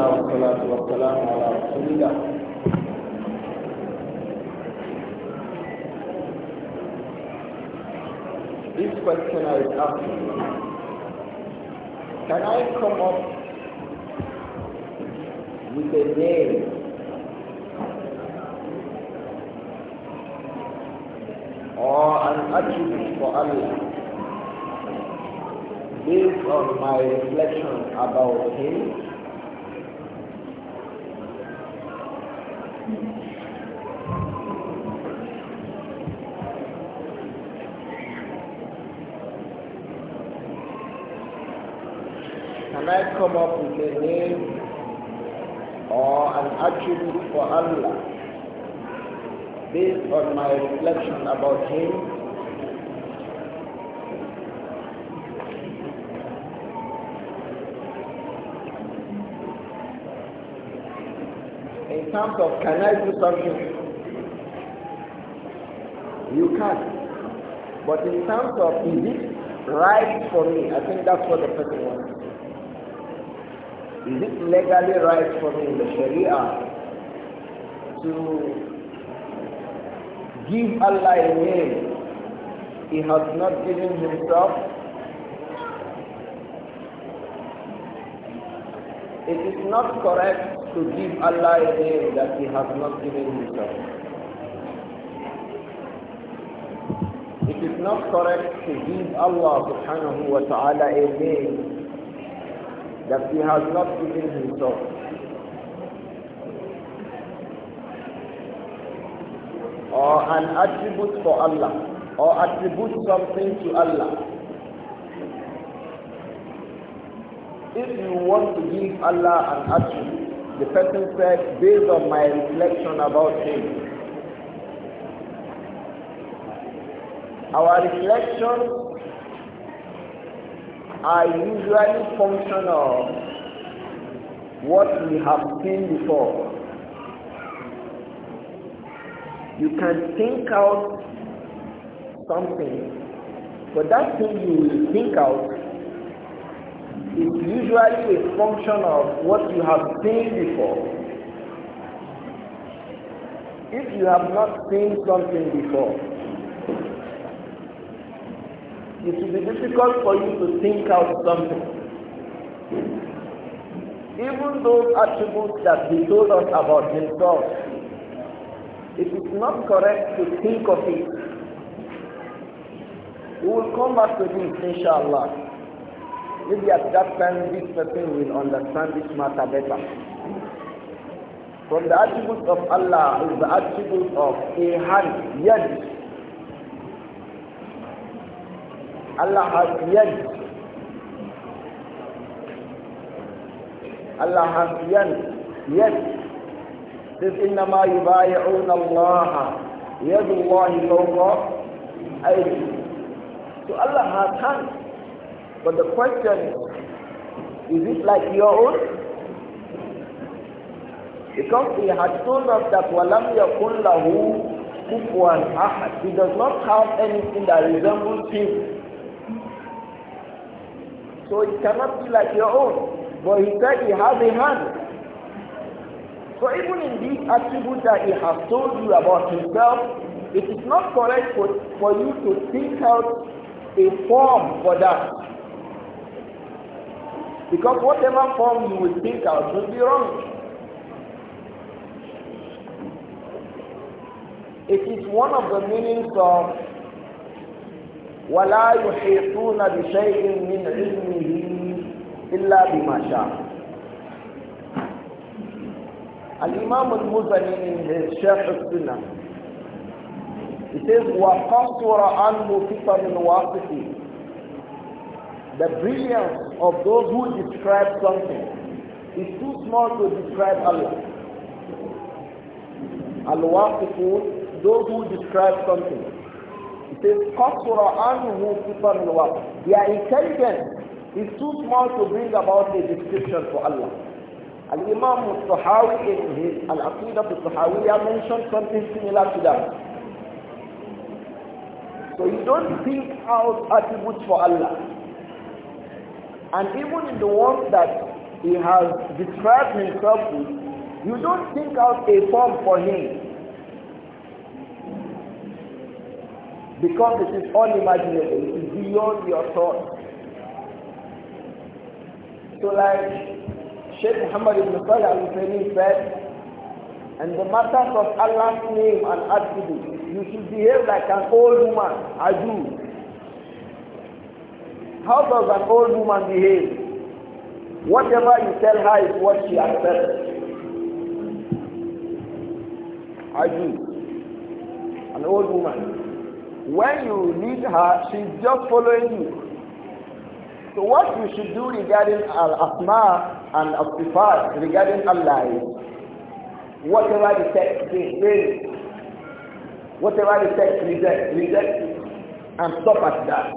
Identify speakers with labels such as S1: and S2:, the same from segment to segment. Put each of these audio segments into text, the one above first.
S1: الله والصلاة والسلام على رسول الله This questioner is asking, can I come up with a name or an attribute for Allah based on my reflection about him come up with a name or an attribute for Allah based on my reflection about Him,
S2: in terms of can I do something, you
S1: can. But in terms of is it right for me, I think that's what the person wants. Is it legally right for me in the Sharia to give Allah a name He has not given Himself? It is not correct to give Allah a name that He has not given Himself. It is not correct to give Allah subhanahu wa ta'ala a name that he has not
S2: given himself.
S1: Or an attribute for Allah. Or attribute something to Allah. If you want to give Allah an attribute, the person said, based on my reflection about him, our reflection are usually function of what we have seen before. You can think out something, but that thing you think out is usually a function of what you have seen before. If you have not seen something before, it will be difficult for you to think out something. Even those attributes that he told us about himself, it is not correct to think of it. We will come back to this, inshallah. Maybe at that time this person will understand this matter better. From the attributes of Allah is the attribute of a hand, yad, Allah has yad. Allah has yad. Yad. Says, إِنَّمَا يُبَايِعُونَ اللَّهَ يَدُ اللَّهِ فَوْقَ أَيْدِهِمْ So Allah has hands. But the question is, is it like your own? Because he has told us that وَلَمْ يَكُنْ lahu كُفُوًا أَحَدٍ He does not have anything that resembles him. So it cannot be like your own. But he said he has a hand. So even in these attributes that he has told you about himself, it is not correct for, for you to think out a form for that. Because whatever form you will think out will be wrong. It is one of the meanings of ولا يحيطون بشيء من علمه إلا بما شاء الإمام المزني من الشيخ السنة He says, وَقَصُرَ عَنْهُ فِطَرِ الْوَاقِفِ The brilliance of those who describe something is too small to describe Allah. Al-Waqifu, those who describe something says, Qasura anhu fitan al Their intelligence is too small to bring about a description for Allah. And imam al in his Al-Aqidah mentioned something similar to that. So you don't think out attributes for Allah. And even in the ones that he has described himself with, you don't think out a form for him. Because it is unimaginable, it is beyond your thought. So like Sheikh Muhammad ibn Salih al-Husayni said, and the matters of Allah's name and attributes, you should behave like an old woman, a Jew. How does an old woman behave? Whatever you tell her is what she accepts. A Jew, an old woman. When you need her, she's just following you. So what we should do regarding Al-Asma and Al-Sifat, regarding Allah is, whatever the text says, whatever the text rejects, reject it and stop at that.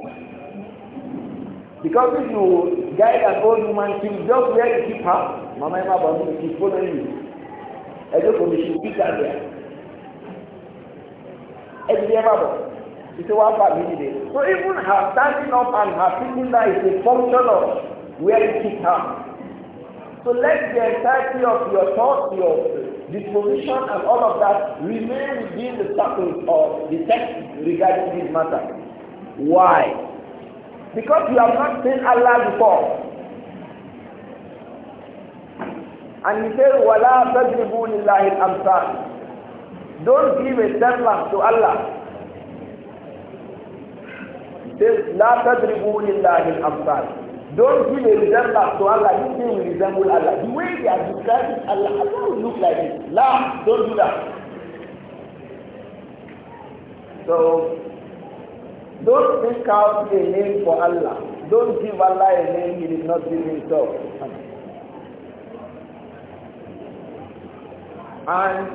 S1: Because if you guide an old woman, she will just where to keep her. Mama Emma Babu, she's following you. I don't want kíkà rẹ̀. Ẹ ti di ẹ so even her standing up and her sitting down is a function of where it is her. So let the entirety of your thoughts, your disposition, and all of that remain within the circle of the text regarding this matter. Why? Because you have not seen Allah before. And he said, وَلَا تَجْرِبُوا لِلَّهِ الْأَمْثَالِ Don't give a semblance to Allah says, La tadribu lillahi al-amsal. Don't give a resemblance to Allah. This thing will resemble Allah. The way they are describing Allah, Allah will look like this. La, don't do that. So, don't pick out a name for Allah. Don't give Allah a name he did not give himself. And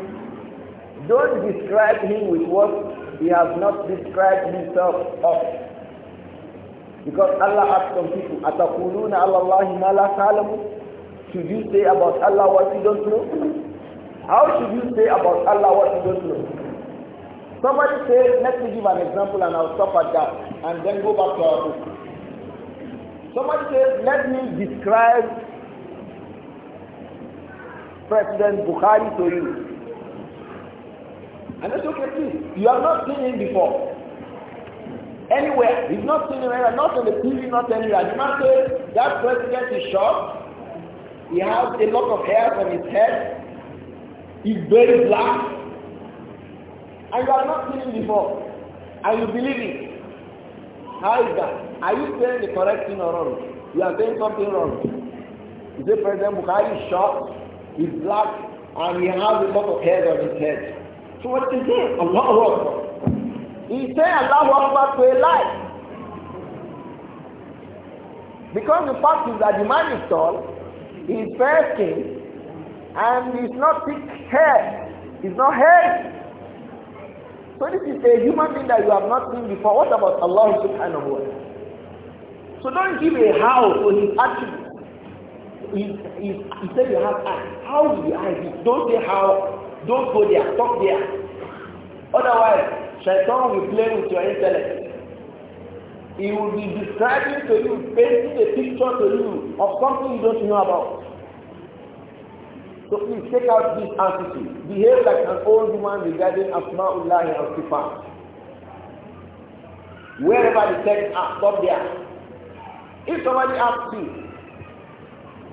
S1: don't describe him with what he has not described himself of. Because Allah asked some people, أَتَقُولُونَ Allah اللَّهِ la لَا Should you say about Allah what you don't know? How should you say about Allah what you don't know? Somebody says, let me give an example and I'll stop at that and then go back to our book. Somebody says, let me describe President Bukhari to you. And that's okay, please. You have not seen him before. Anywhere. He's not seen him anywhere, not on the TV, not anywhere. You might say that president is short. He has a lot of hair on his head. He's very black. And you have not seen him before. And you believe it. How is that? Are you saying the correct thing or wrong? You are saying something wrong. You say President Buhari is short, he's black, and he has a lot of hair on his head. So what is it? of what? He said Allah Akbar to a lie. Because the fact is that the man is tall, he is fair skin, and he is not thick hair. he is not hairy. So this is a human being that you have not seen before. What about Allah subhanahu wa ta'ala? So don't give a how to his attribute. He, he, he said you have eyes. How do the eyes be? Don't say how. Don't go there. Stop there. Otherwise, shaitan will play with your intellect. He will be describing to you, painting a picture to you of something you don't know about. So please take out this attitude. Behave like an old woman regarding Asma'ullah and Sifat. Wherever the text are, stop there. If somebody asks you,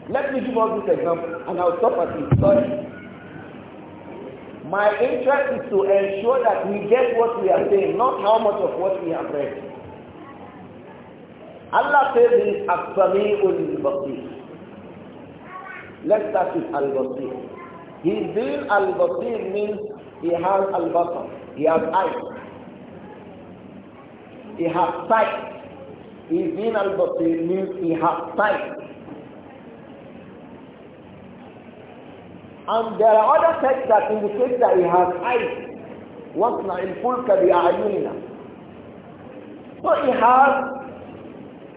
S1: let me give us this example, and I'll stop at this. Sorry. My interest is to ensure that we get what we are saying, not how much of what we have read. Allah says he is Basir. Let's start with Al-Basir. His being Al-Basir means he has Al-Basar. He has eyes. He has sight. His being Al-Basir means he has sight. And there are other texts that indicate that he has eyes. وَاصْنَعِ الْفُلْكَ بِأَعْيُنِنَا so he has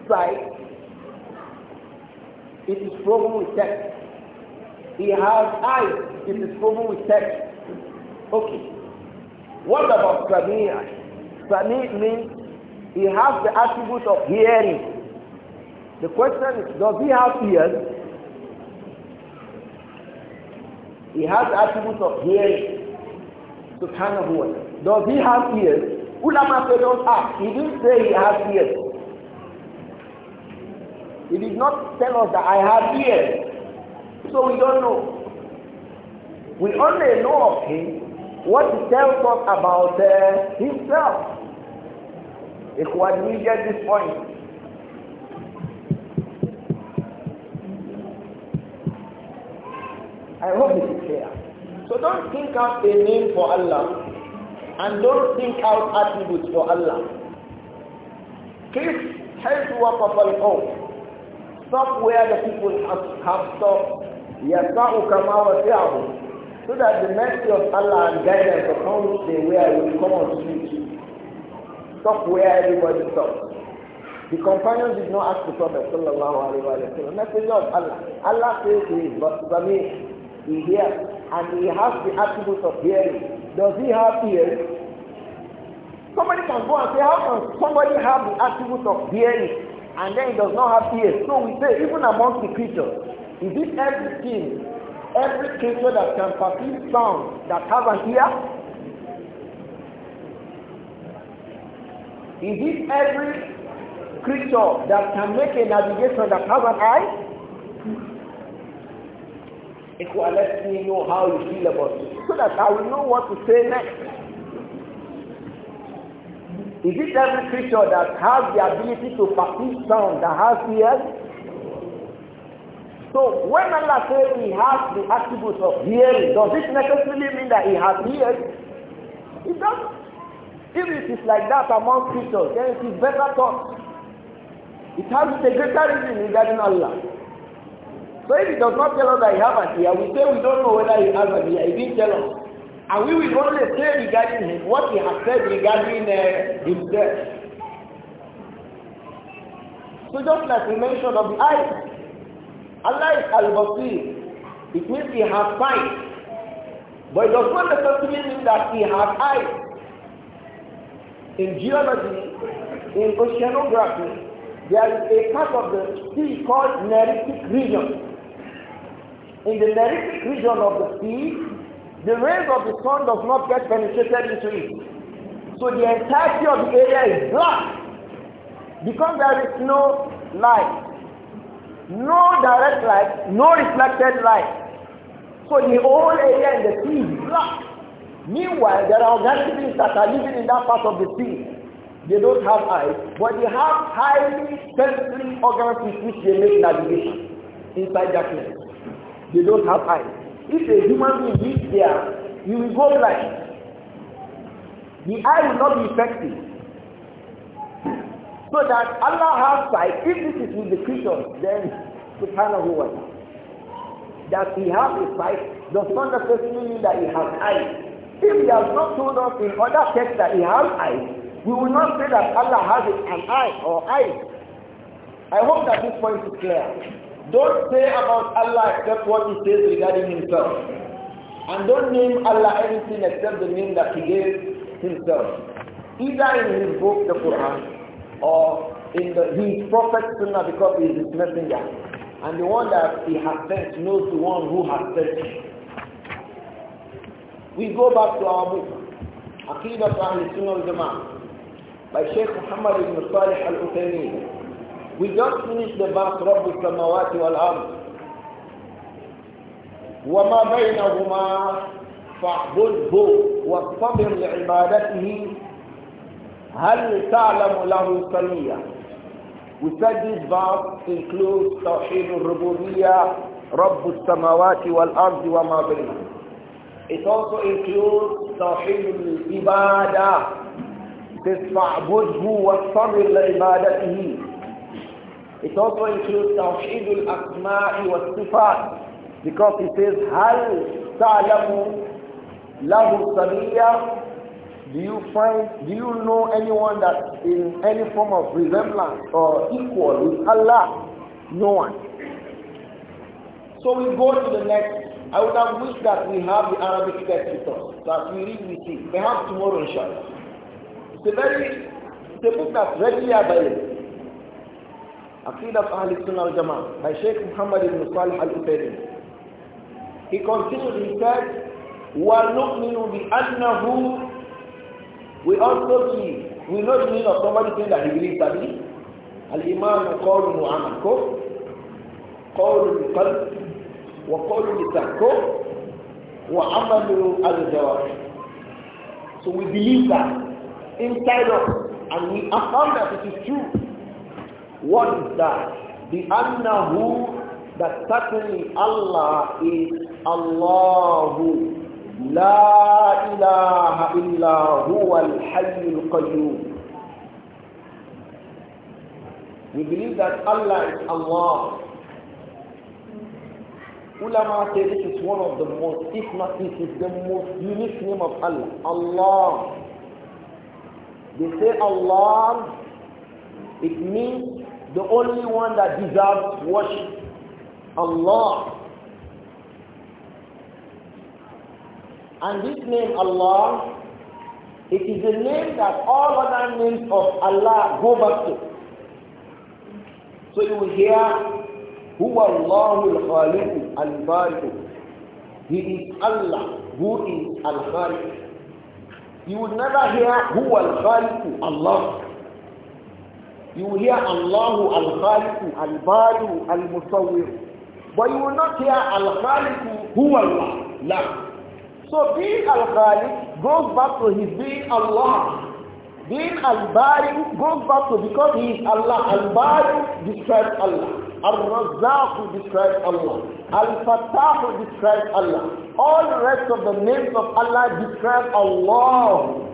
S1: sight. It is proven with text. He has eyes. It is proven with text. Okay. What about Sami? Sami means he has the attribute of hearing. The question is, does he have ears? He has the attribute of hearing. kind of ta'ala. Does he have ears? Ulama said don't ask. He didn't say he has ears. He did not tell us that I have ears. So we don't know. We only know of him what he tells us about uh, himself. If we had this point, I hope this is clear. So don't think out a name for Allah and don't think out attributes for Allah. Keep حيث of القوم Stop where the people have, have stopped. يَسَعُ كَمَا وَسِعَهُ So that the mercy of Allah and guidance upon which they were will come on you. Stop where everybody stops. The companions did not ask the Prophet sallallahu alayhi wa sallam, Messenger of Allah. Allah says to his Zamir, he hears. And he has the attributes of hearing. Does he have ears? Somebody can go and say, how can somebody have the attributes of hearing? And then he does not have ears. So we say, even among the creatures, is it everything, every creature that can perceive sound that has an ear? Is it every creature that can make a navigation that has an eye? will let me know how you feel about it so that I will know what to say next. Is it every creature that has the ability to perceive sound that has ears? So when Allah says he has the attributes of hearing, does it necessarily mean that he has ears? It doesn't. If it is like that among creatures, then it is better thought. It has a greater reason regarding Allah. So if he does not tell us that he has an ear, we say we don't know whether he has an ear. He didn't tell us. And we will only say regarding him what he has said regarding uh, himself. So just like we mentioned of the eyes, Allah is al-Basir. It means he has sight. But it does not necessarily mean that he has eyes. In geology, in oceanography, there is a part of the sea called Neritic region in the lyric region of the sea, the rays of the sun does not get penetrated into it. So the entirety of the area is black because there is no light. No direct light, no reflected light. So the whole area in the sea is black. Meanwhile, there are organisms that are living in that part of the sea. They don't have eyes, but they have highly sensitive organs with which they make navigation inside darkness. They don't have eyes. If a human being lives there, he will go blind. The eye will not be effective. So that Allah has sight, if this is with the creatures, then subhanahu wa ta'ala. That he has a sight does not necessarily mean that he has eyes. If he has not told us in other texts that he has eyes, we will not say that Allah has an eye or eyes. I hope that this point is clear. Don't say about Allah except what he says regarding himself. And don't name Allah anything except the name that he gave himself. Either in his book, the Quran, or in the, his prophet Sunnah because he is his messenger. And the one that he has sent knows the one who has sent him. We go back to our book, Aqidah al Sunnah al-Jama'ah by Sheikh Muhammad ibn Salih al-Uthaymeen. We just finished the verse رب السماوات والأرض وما بينهما فاعبده واصطبر لعبادته هل تعلم له سميا We said this verse includes توحيد الربوبية رب السماوات والأرض وما بينهما It also includes توحيد العبادة فاعبده واصطبر لعبادته It also includes Tawheed al-Asma'i wa Sifat because it says, Hal ta'lamu lahu sabiya Do you find, do you know anyone that in any form of resemblance or equal with Allah? No one. So we go to the next. I would have wished that we have the Arabic text with us, that we read with it. Perhaps tomorrow, inshallah. It's a very, it's a book that's readily available. Aqidah Ahl Sunnah al-Jama'ah by Sheikh Muhammad ibn Salih al-Utaymin. He continued, he said, "Wa bi بِأَنَّهُ We also believe, we know the meaning of somebody saying that he believes that he الإيمان قول وعمل كف قول القلب وقول wa كف al الجوارح So we believe that inside us and we affirm that it is true what is that? The annahu that certainly Allah is Allahu. La ilaha illa huwa al-hayyul qayyum. We believe that Allah is Allah. Ulama say this is one of the most, if not this is the most unique name of Allah. Allah. They say Allah, it means the only one that deserves worship, Allah. And this name Allah, it is a name that all other names of Allah go back to. So you will hear, who Allah al-Khaliq al-Bariq. He is Allah who is al-Khaliq. You will never hear Huwa al-Khaliq Allah. You will hear Allahu Al-Khaliqu, al bari Al-Musawwiru. But you will not hear Al-Khaliqu, Hu Allah. La. So being Al-Khaliq goes back to his being Allah. Being al bari goes back to because he is Allah. al bari describes Allah. Al-Razzaq describes Allah. Al-Fattah describes Allah. All the rest of the names of Allah describe Allah.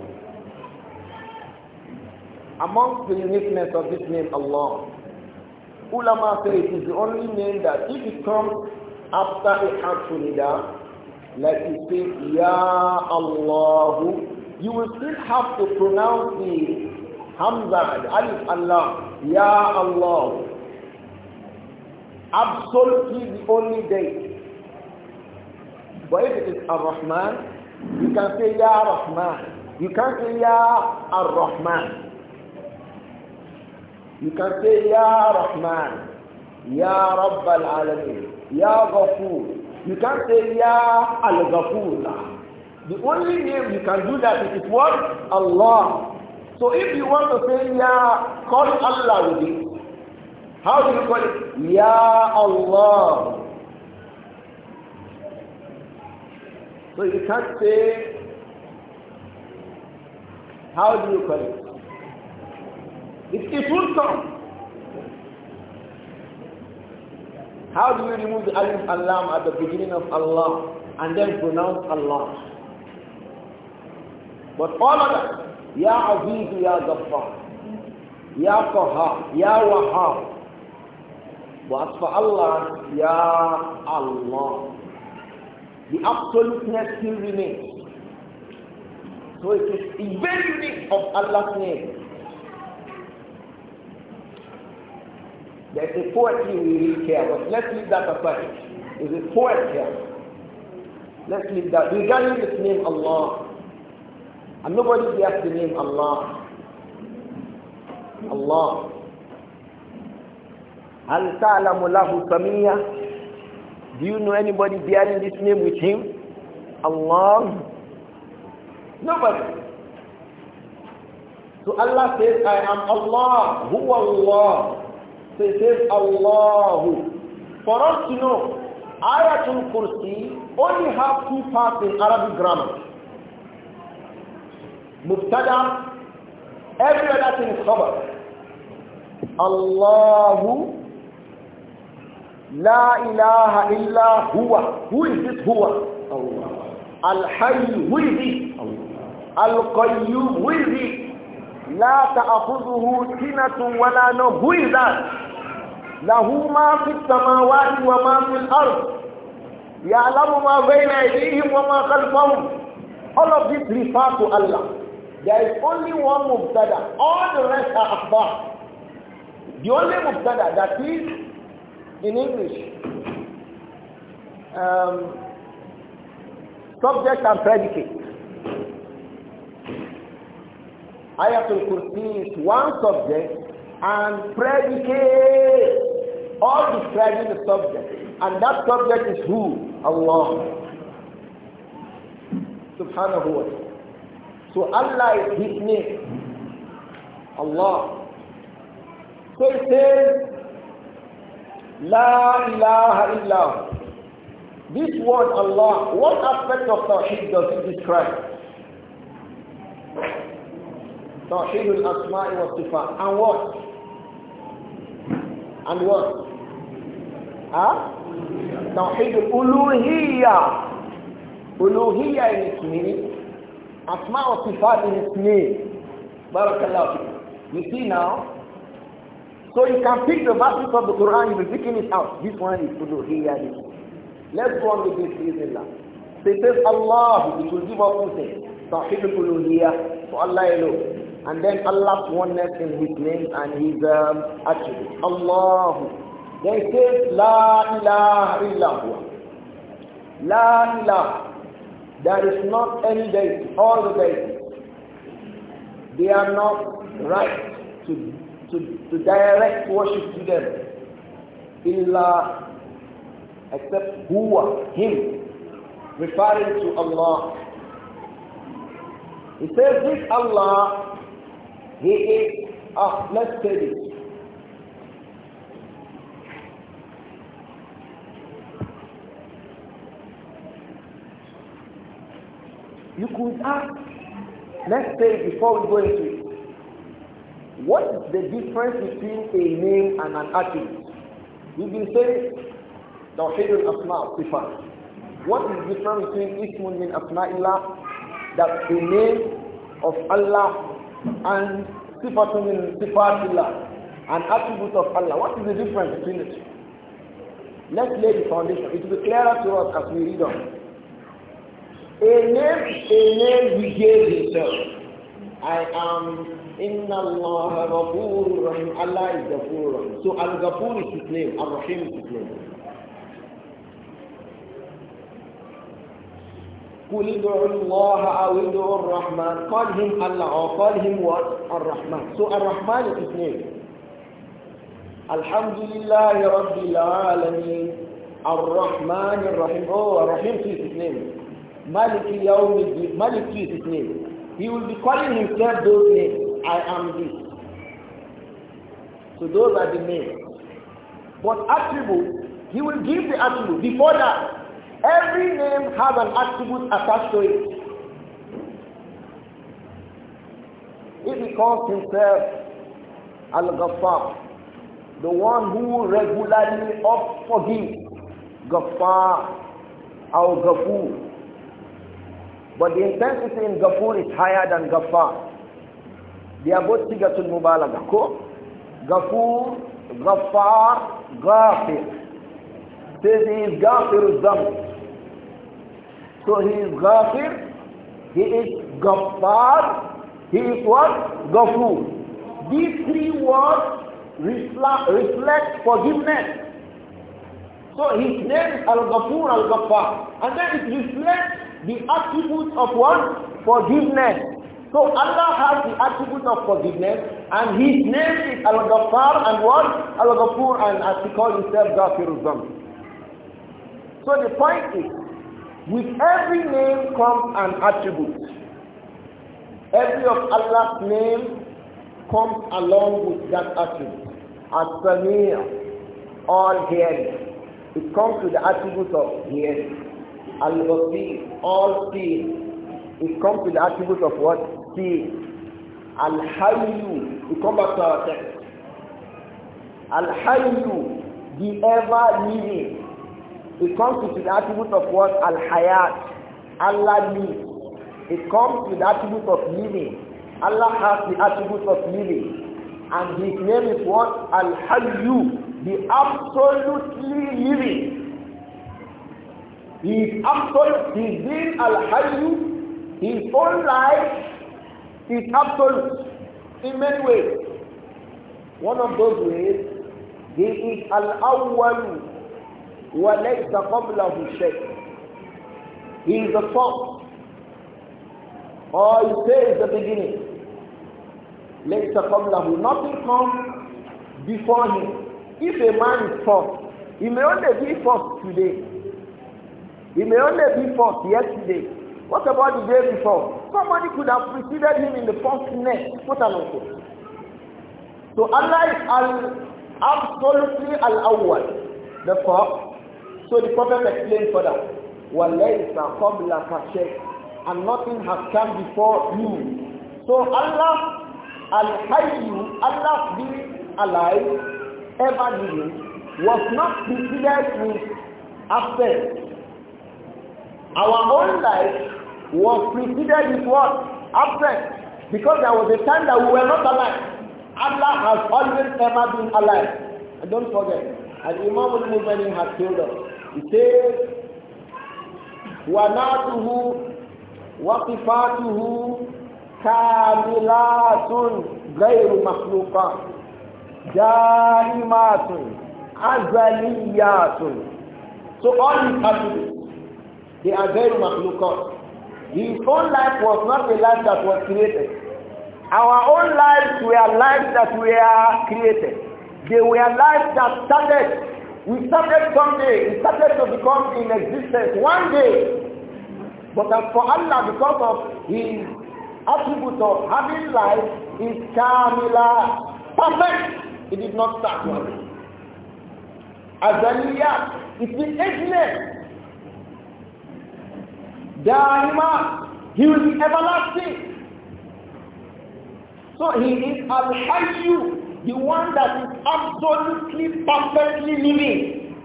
S1: Amongst the uniqueness of this name, Allah, ulama say it is the only name that if it comes after a harmful nida, like you say, Ya Allah, you will still have to pronounce the Hamza, Alif Allah, Ya Allah. Absolutely the only day. But if it is Ar-Rahman, you can say Ya Rahman. You can't say Ya Ar-Rahman. You can say, Ya Rahman, Ya Rabb al-Alamin, Ya Gafur. You can say, Ya al Gafur. The only name you can do that is what? Allah. So if you want to say Ya, call Allah with it. How do you call it? Ya Allah. So you can't say, how do you call it? It, it will come. How do you remove the alif lam at the beginning of Allah and then pronounce Allah? But all of that, Ya Aziz, Ya Ghaffar, Ya Qahar, Ya Wahab. But as for Allah, Ya Allah. The absoluteness still remains. So it is the very name of Allah's name. There is a poetry we read here, but let's leave that aside. Is a poet here. Let's leave that. Regarding this name Allah, and nobody gets the name Allah. Allah. هل تعلم له سمية do you know anybody bearing this name with him? Allah? Nobody. So Allah says, I am Allah, who Allah. So it says Allahu. For us to know, Ayatul Kursi only have two parts in Arabic grammar. Muftada, every other thing is covered. Allahu, La ilaha illa huwa. Who is this huwa? Allah. Al-Hayy, who is he? Allah. Al-Qayyum, who is he? La ta'akhudhuhu sinatun wa la nawm. Who is that? له ما في السماوات وما في الأرض يعلم ما بين أيديهم وما خلفهم all of this refer to Allah there is only one mubtada all the rest are akhbar the only mubtada that is in English um, subject and predicate Ayatul Kursi is one subject and predicate, all describing the subject. And that subject is who? Allah. Subhanahu wa ta'ala. So Allah is his name. Allah. So it says, La ilaha illallah. This word Allah, what aspect of Tawheed does it describe? توحيد الأسماء والصفات and what and what huh? توحيد الألوهية ألوهية in its meaning أسماء والصفات in its name بارك الله you see now so you can pick the verses of the Quran you be picking it out this one is ألوهية let's go on with this Bismillah so it says Allah it will give us two things توحيد الألوهية for Allah alone and then Allah's oneness in His name and His um, attributes. Allah. Then he says, La ilaha illallah. La ilaha. There is not any deity. All the deities, they are not right to, to, to direct worship to them. Illa, except huwa, him, referring to Allah. He says this Allah he is, ah, You could ask, let's say before we go into it, what is the difference between a name and an attribute? We've been saying توحيد الأسماء صفات What is the difference between اسم من أسماء that the name of Allah and sifatun min sifatillah, an attribute of Allah. What is the difference between it? let Let's lay the foundation. It will be clearer to us as we read on. A name, a name he gave himself. I am Inna Allah Ghafur Rahim. Allah is Ghafur So Al-Ghafur is his name. Al-Rahim is his name. قل ادعوا الله أو ادعوا الرحمن call him Allah or call him what الرحمن so الرحمن is his name الحمد لله رب العالمين الرحمن الرحيم oh الرحيم is his name مالك يوم الدين مالك is his he will be calling himself those names I am this so those are the names but attributes he will give the attribute before that Every name has an attribute attached to it. If he calls himself Al-Ghaffar, the one who regularly up forgives, Ghaffar al Ghafoor. But the intensity in Ghafoor is higher than Ghaffar. They are both sigatul mubalaga. Ko? Ghafoor, Ghaffar, Ghafir. This is Ghafir zamb so he is Ghafir, he is Ghaffar, he is what? Ghafur. These three words reflect forgiveness. So his name Al-Ghafur Al-Ghaffar. And then it reflects the attribute of what? Forgiveness. So Allah has the attribute of forgiveness and his name is Al-Ghaffar and what? Al-Ghafur and as he calls himself Ghafir So the point is, with every name comes an attribute. Every of Allah's name comes along with that attribute. As-Samir, all hearing. It comes with the attribute of hearing. Al-Basir, all seeing. It comes with the attribute of what? Seeing. Al-Hayyu, we come back to our text. Al-Hayyu, the ever-living. It comes with the attribute of what? Al-Hayat. Allah lives. It comes with the attribute of living. Allah has the attribute of living. And his name is what? Al-Hayyu. The absolutely living. He is absolute. He is Al-Hayyu. His own life is absolute in many ways. One of those ways, he is Al-Awwalu. وَلَيْسَ قَبْلَهُ شَيْءٍ He is the first. Or oh, he says is the beginning. لَيْسَ قَبْلَهُ Nothing comes before him. If a man is first, he may only be first today. He may only be first yesterday. What about the day before? Somebody could have preceded him in the first net. What an unquote. So Allah is al absolutely al awwal the first so the Prophet explained further, وَلَيْسَ قَبْلَكَ شَيْءٍ And nothing has come before you. So Allah, Al-Hayyu, Allah being alive, ever living, was not preceded with absence. Our own life was preceded with what? Absence. Because there was a time that we were not alive. Allah has always ever been alive. And don't forget, and Imam al-Muzani has killed us he says, وَنَاتُهُ وَقِفَاتُهُ كَامِلَاتٌ غَيْرُ مَخْلُوقَاتٌ دَائِمَاتٌ أَزَلِيَّاتٌ So all these attributes, they are غَيْرُ مَخْلُوقَاتٌ His own life was not the life that was created. Our own lives were lives that were created. They were lives that started we started someday, we started to become in existence one day. But as for Allah, because of his attribute of having life, is Kamila perfect. It did not start one day. Azaliya, it is ageless. Daima, he will be everlasting. So he is Al-Hayyu, the one that is absolutely perfectly living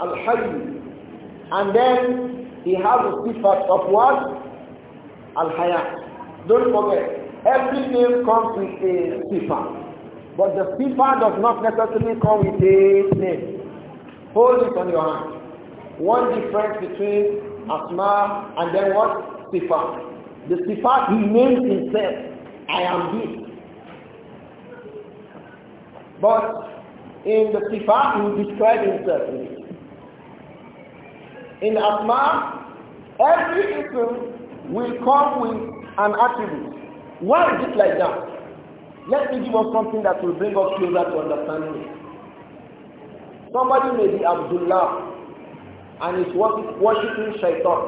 S1: al-hayy and then he has a sifat of what al-hayat don't forget every name comes with a sifat but the sifat does not necessarily come with a name hold it on your hand one difference between asma and then what sifat the sifat he names himself i am this but in the Sifat, he will describe himself in it. In Asma, every ism will come with an attribute. Why is it like that? Let me give us something that will bring us closer to understanding it. Somebody may be Abdullah and is worshipping Shaitan.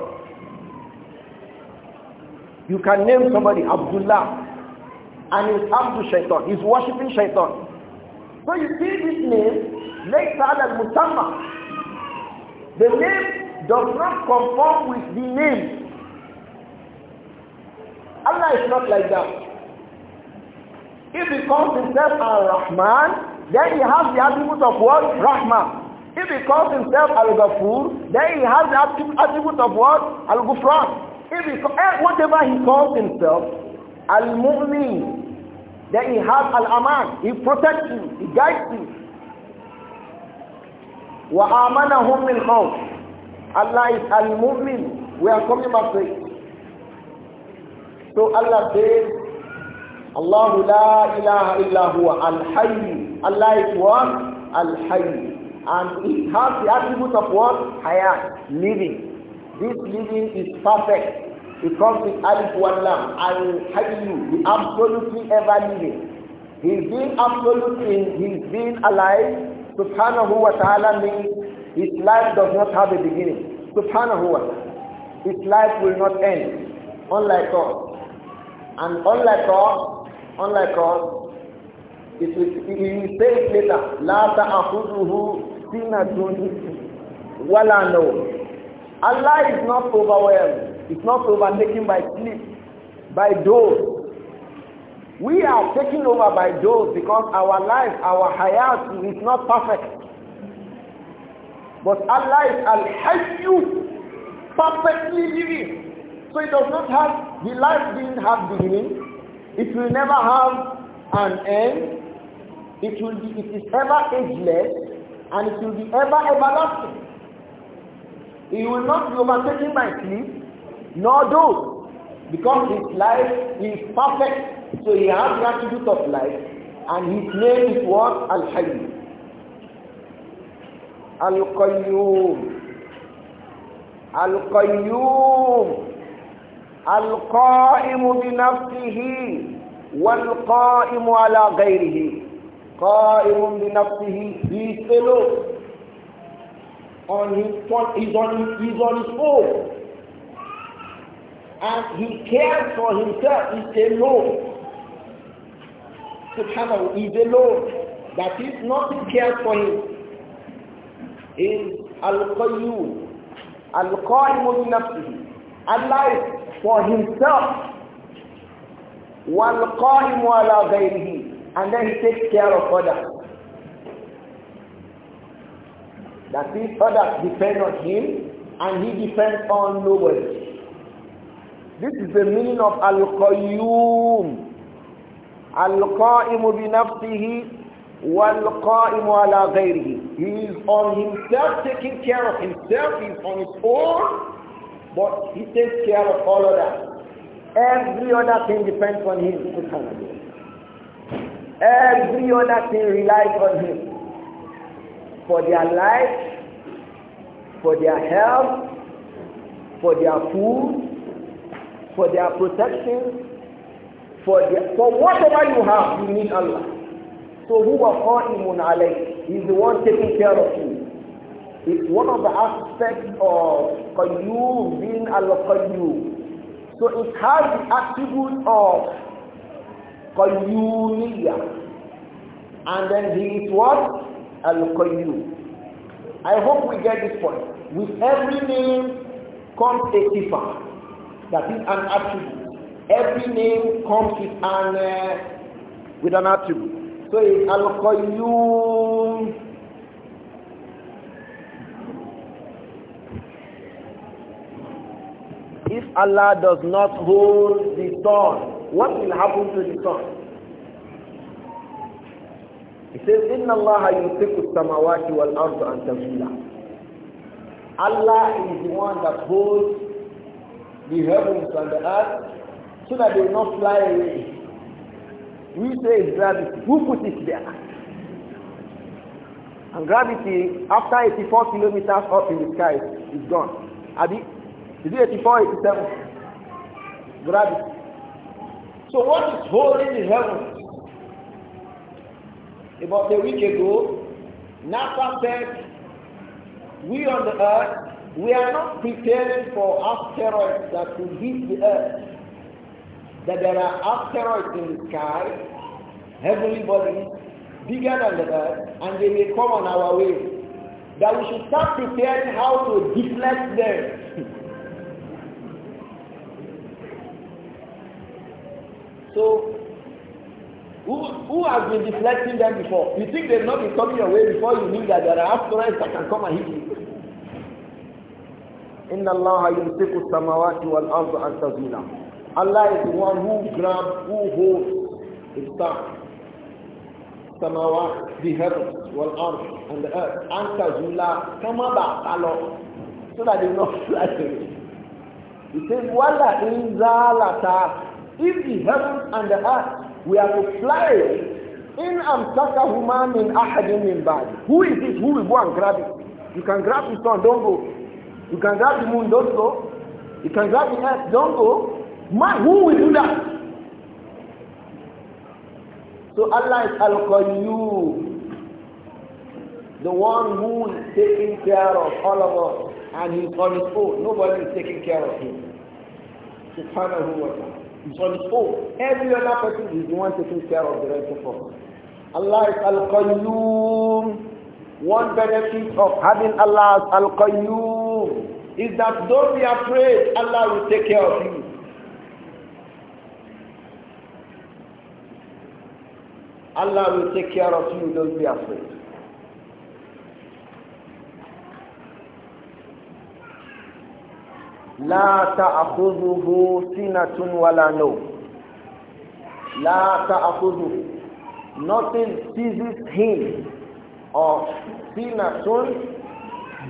S1: You can name somebody Abdullah and he's Abdul Shaitan. He's worshipping Shaitan. So you see this name, ليس على المسمى. The name does not conform with the name. Allah is not like that. If he calls himself Al-Rahman, then he has the attribute of what? Rahman. If he calls himself Al-Ghafur, then he has the attribute of what? Al-Ghufran. If he, eh, whatever he calls himself, Al-Mu'min, then he has al-aman. He protects you. He guides you. وَآمَنَهُمْ مِنْ خَوْفٍ Allah is al-mu'min. We are coming back to it. So Allah says, Allah la ilaha illa huwa al-hayy. Allah is what? Al-hayy. And it has the attribute of what? Hayat, living. This living is perfect. It comes with Alif Wallam, Al Hayyu, the absolutely ever living. He's being absolute in his being alive. Subhanahu wa ta'ala means his life does not have a beginning. Subhanahu wa ta'ala. His life will not end. Unlike us. And unlike us, unlike us, it will, he will say it later. La ta'akhudruhu sinatun wala no. Allah is not overwhelmed. It's not overtaken by sleep, by those. We are taken over by those because our life, our hayat is not perfect. But Allah is al-hayyu, perfectly living. So it does not have, the life didn't have beginning. It will never have an end. It will be, it is ever ageless and it will be ever everlasting. It will not be overtaken by sleep nor do. Because his life is perfect, so he has the attribute of life, and his name is what? Al-Hayy. Al-Qayyum. Al-Qayyum. القائم بنفسه والقائم على غيره قائم بنفسه he is alone on his, on, he's on, he's on his own and he cared for himself is alone. Subhanallah, is alone. That is not cared for him. Is Al-Qayyum, Al-Qaimun Nafsihi. Allah for himself. وَالْقَائِمُ ala غَيْرِهِ And then he takes care of others. That is, others depend on him and he depends on nobody. This is the meaning of Al-Qayyum. Al-Qa'im bi nafsihi wal-Qa'im ala ghayrihi. He is on himself taking care of himself, he is on his own, but he takes care of all of that. Every other thing depends on him. Every other thing relies on him. For their life, for their health, for their food, for their protection, for, their, for whatever you have, you need Allah. So who are qa'imun alayk? He's the one taking care of you. It's one of the aspects of qayyum being al-qayyum. So it has the attribute of qayyumiyah. And then he is what? Al-qayyum. I hope we get this point. With every name comes a tifah. That is an attribute. Every name comes with an uh, with an attribute. So it's Al you. If Allah does not hold the sun, what will happen to the sun? He says, Inna Allah yutiku samawati wal ardu an tafila. Allah is the one that holds the heavens and the earth so that they will not fly away. We say it's gravity. Who put it there? And gravity, after 84 kilometers up in the sky, is gone. Abi, is it 84, 87? Gravity. So what is holding the heavens? About a week ago, NASA said, we on the earth we are not preparing for asteroids that will hit the earth. That there are asteroids in the sky, heavenly bodies, bigger than the earth, and they may come on our way. That we should start preparing how to deflect them. so, who, who has been deflecting them before? You think they've not been coming your way before you knew that there are asteroids that can come and hit you? إن الله يمسك السماوات والأرض أن تزولا Allah is the one who grabs, who holds the time. Samawat, the heavens, wal and the earth. And tazula, kamaba, talo. So that they not fly away. He says, wala inzalata. If the heavens and the earth we are to fly away, in amsakahuma min ahadin min ba'd. Who is it? Who will go and grab it? You can grab it, son, don't go. You can grab the moon, don't go. You can grab the earth, don't go. Man, who will do that? So Allah is Al-Qayyum, the one who is taking care of all of us, and he's on his own. Nobody is taking care of him. Subhanahu wa ta'ala. He's on his own. Every other person is the one taking care of the rest of us. Allah is Al-Qayyum. One benefit of having Allah as Al-Qayyum is that don't be afraid, Allah will take care of you. Allah will take care of you, don't be afraid. لا تأخذه سنة ولا نوم لا تأخذه nothing seizes him or sinatun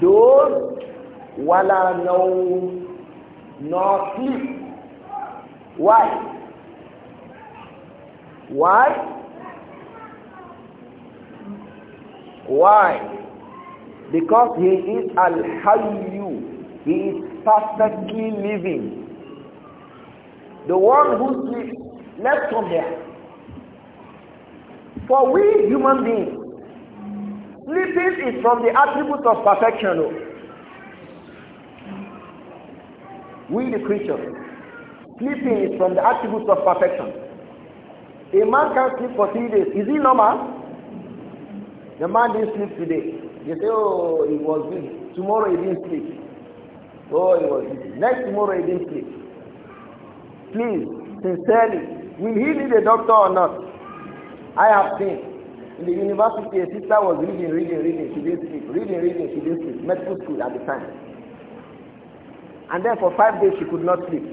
S1: those wala no no sleep. Why? Why? Why? Because he is Al-Hayyu. He is perfectly living. The one who sleeps, let's from here. For we human beings, sleeping is from the attribute of perfection. Oh. We the creatures. Sleeping is from the attributes of perfection. A man can't sleep for three days. Is it normal? The man didn't sleep today. They say, oh, it was busy. Tomorrow he didn't sleep. Oh, it was busy. Next tomorrow he didn't sleep. Please, sincerely, will he need a doctor or not? I have seen. In the university, a sister was reading, reading, reading. She didn't sleep. Reading, reading, she didn't sleep. Medical school at the time. And then for five days she could not sleep.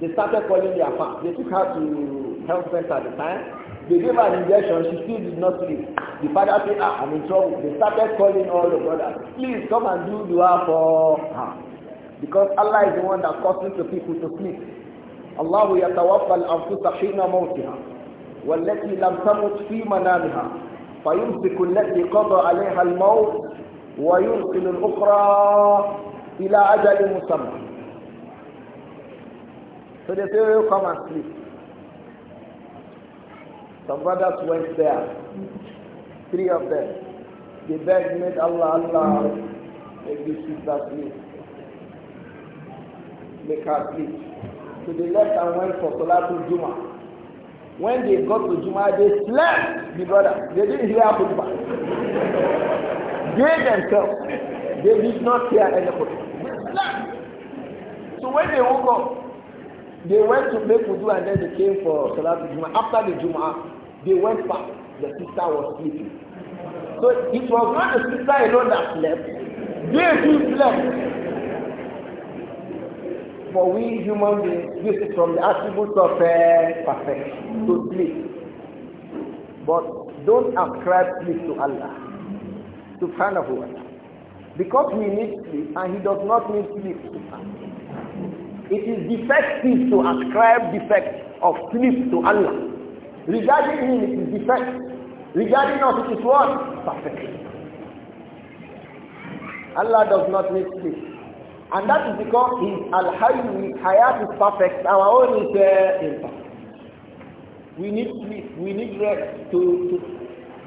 S1: They started calling their farm. They took her to health center at the time. They gave her an injection. She still did not sleep. The father said, ah, I'm in trouble. They started calling all the brothers. Please come and do dua for her. Because Allah is the one that causes the people to sleep. Allah يتوفى الأنفس حين موتها والتي لم تمت في منامها alayha al mawt wa الموت al الأخرى ila ajali musamma. So they say, you come and sleep. Some brothers went there, three of them. They begged, made Allah, Allah, make this sister sleep. Make her sleep. So they left and went for Salatul Juma. when they got to Juma, they slept the brother. They didn't hear khutbah. they themselves, they did not hear any khutbah when they woke up, they went to make wudu and then they came for Salat Juma. After the Juma, they went back. The sister was sleeping. So it was not the sister alone that slept.
S2: They too slept.
S1: For we human beings, this is from the attribute of uh, perfection, to sleep. But don't ascribe sleep to Allah, subhanahu wa Because we need sleep and he does not need sleep. It is defective to ascribe defect of sleep to Allah. Regarding him, it is defect. Regarding us, it is
S2: what? perfect.
S1: Allah does not need sleep. And that is because his al-hayy, hayat is perfect. Our own is uh, imperfect. We need sleep. We need rest to, to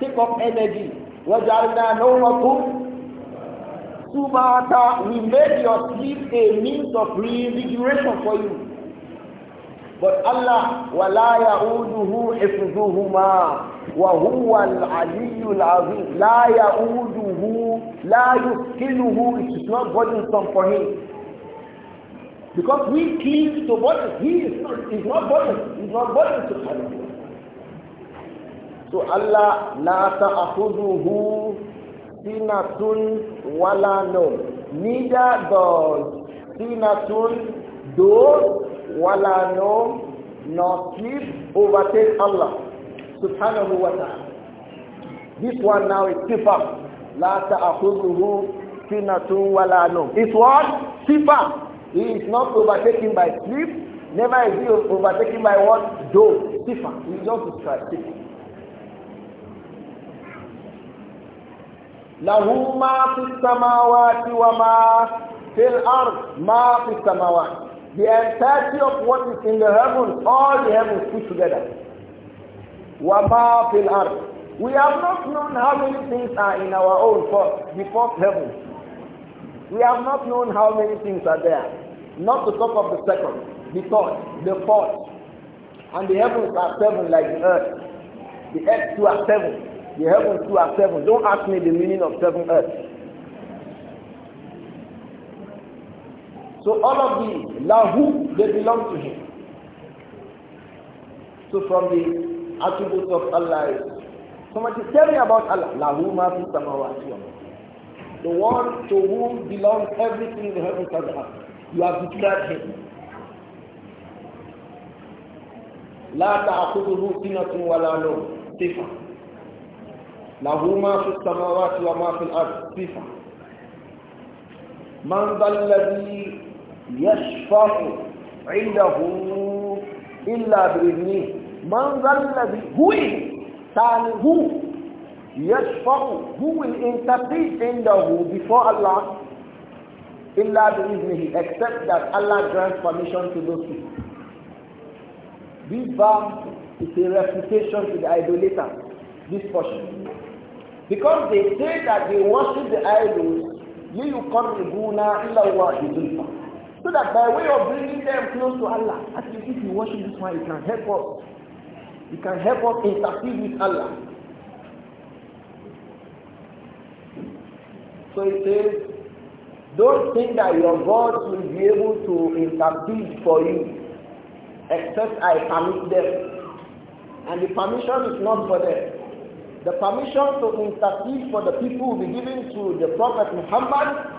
S1: take up energy. وَجَعَلْنَا نَوْمَكُمْ Subhata, we made your sleep a means of reinvigoration for you. But Allah, وَلَا يَعُودُهُ حِفْظُهُمَا وَهُوَ الْعَلِيُّ الْعَظِيمُ لَا يَعُودُهُ لَا يُسْكِلُهُ It is not burdensome for him. Because we cling to burdens. He is not, is not burdened. He is not burdened to Allah. So Allah, لَا تَأْخُذُهُ sinatun wala no. Neither does sinatun do wala no nor sleep overtake Allah subhanahu wa ta'ala. This one now is sifa. La ta'akhudhuhu sinatun wala no. It's what? Sifa. He is not overtaken by sleep. Never is he overtaken by what? Do. Sifa. He just described sifa. له ما في السماوات وما في الأرض ما في السماوات The entirety of what is in the heavens, all the heavens put together. وَمَا فِي الْأَرْضِ We have not known how many things are in our own first, the first heaven. We have not known how many things are there. Not the top of the second, the third, the fourth. And the heavens are seven like the earth. The earth two are seven. The heavens too are seven. Don't ask me the meaning of seven earths. So all of these, lahu, they belong to him. So from the attributes of Allah is, somebody tell me about Allah. Lahu samawati The one to whom belongs everything in the heavens and the earth. You have declared him. لا تأخذه سنة ولا نوم صفة له ما في السماوات وما في الأرض صفة من ذا الذي يشفع عنده إلا بإذنه من ذا الذي هو ثاني هو يشفع هو intercede عنده before Allah إلا بإذنه except that Allah grants permission to those people. This verse is a refutation to the idolater, this portion. Because they say that they worship the idols, لِيُقَرِّبُونَ إِلَى اللَّهِ زُلْفَى So that by way of bringing them close to Allah, actually if you worship this one, you can help us. you can help us intercede with Allah. So it says, don't think that your God will be able to intercede for you, except I permit them. And the permission is not for them. The permission to intercede for the people will be given to the Prophet Muhammad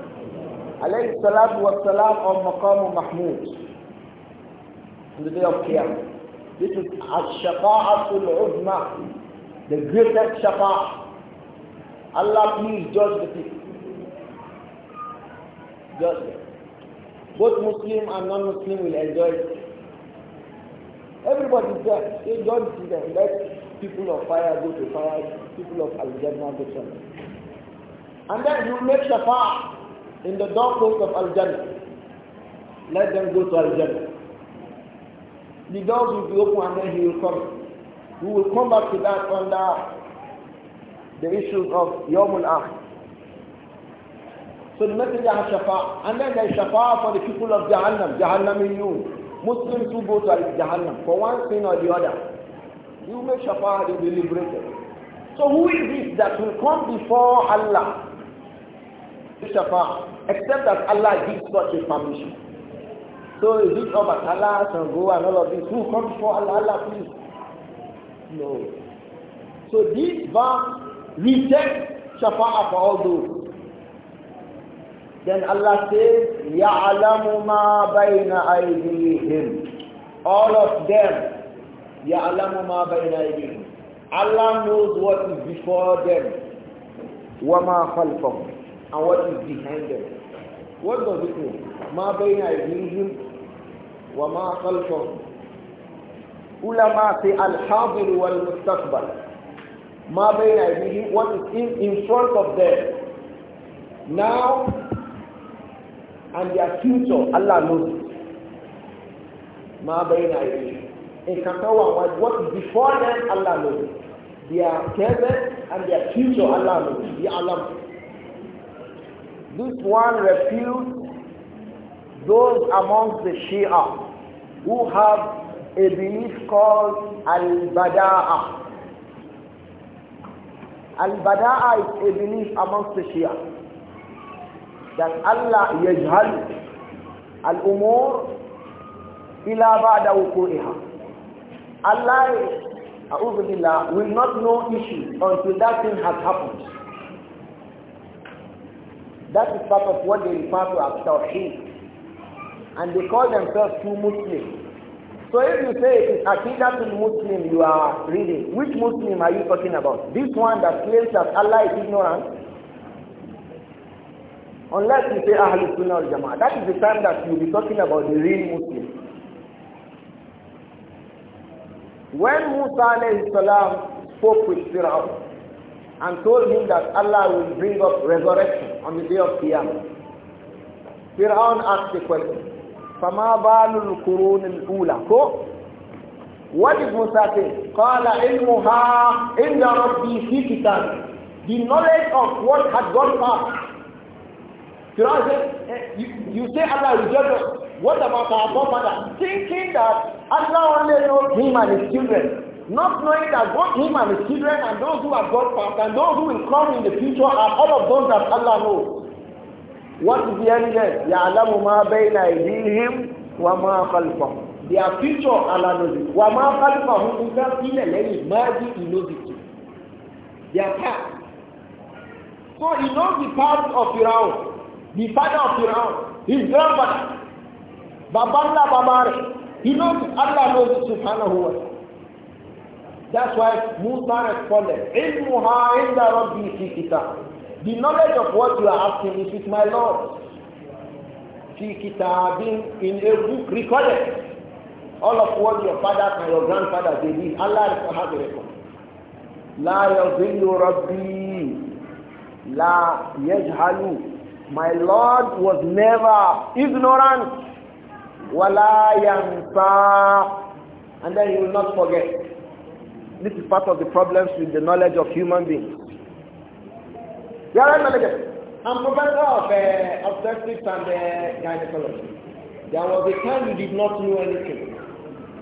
S1: alayhi salatu wa salam on Maqam Mahmud on the day of Qiyamah. This is Ash-Shafa'atul Uzma, the greatest Shafa'ah. Allah please judge the people. Judge them. Both Muslim and non-Muslim will enjoy it. Everybody is there. They judge them. Let's people of fire go to fire, people of Al-Jannah go to Jannah. And then you make shafa in the doorpost of Al-Jannah. Let them go to Al-Jannah. The doors will be open and then he will come. We will come back to that under the issues of Yawm al-Akhir. So the messenger has shafa. And then there is shafa for the people of Jahannam, Jahannam in you. Muslims who go to Jahannam for one thing or the other. You make shafa'a, you'll be liberated. So who is it that will come before Allah? Shafa'a. Except that Allah gives such a permission. So is it all about Allah, go and all of this? Who comes before Allah? Allah, please. No. So this verse rejects shafa'a for all those. Then Allah says, يَعْلَمُ مَا بَيْنَ أَيْدِيهِمْ All of them, يَعْلَمُ مَا بَيْنَ أَيْدِيهِمْ Allah knows what is before them, وَمَا خَلْفَهُمْ, and what is behind them. What does it mean? مَا بَيْنَ أَيْدِيهِمْ وَمَا خَلْفَهُمْ Ulama say al-hadir wal-mustaqbal. Ma بين أيديهم, what is in, in front of them. Now, and their future, Allah knows. Ma بين أيديهم nǹkan tó wà what is before them Allah knows their present and their future Allah knows the Allah this one refutes those amongst the Shia who have a belief called al badaa Al-Bada'a is a belief amongst the Shia that Allah yajhal al-umur ila ba'da wuku'iha. Allah Billah, will not know issue until that thing has happened. That is part of what they refer to as Tawheed. And they call themselves true Muslims. So if you say it is Aqidatul Muslim you are reading, which Muslim are you talking about? This one that claims that Allah is ignorant? Unless you say Ahlul Sunnah al Jama'ah. That is the time that you'll be talking about the real Muslim. When Musa salam spoke with Pharaoh and told him that Allah will bring up resurrection on the day of Qiyamah, Pharaoh asked the question, فَمَا بَالُ الْقُرُونِ الْأُولَى so, What did Musa say? قَالَ عِلْمُهَا إِنَّ رَبِّي فِي كِتَابٍ The knowledge of what had gone past. Pharaoh said, eh, you, you say Allah will judge us. What about our forefather? Thinking that Allah only knows him and his children. Not knowing that both him and his children and those who have gone past and those who will come in the future are all of those that Allah knows. What is the evidence? يَعْلَمُ مَا بَيْنَ أَيْدِيهِمْ وَمَا خَلْفَهُمْ Their future Allah knows it. وَمَا خَلْفَهُمْ إِذَا قِيلَ لَيْهِ مَاذِي He knows it. Their past. So he knows the past of Firaun, the father of Firaun, his grandfather, Baba Allah Babare. He knows Allah knows subhanahu wa ta'ala. That's why Musa responded, Ilmuha inda rabbi fi kitab. The knowledge of what you are asking is with my Lord. Fi kitabin in a book recorded. All of what your father and your grandfather they did, Allah has a record. La yazillu rabbi. La yajhalu. My Lord was never ignorant. Wala yansa. And then you will not forget. This is part of the problems with the knowledge of human beings. You are knowledgeable. I'm professor of uh, obstetrics and uh, gynecology. There was a time you did not know anything.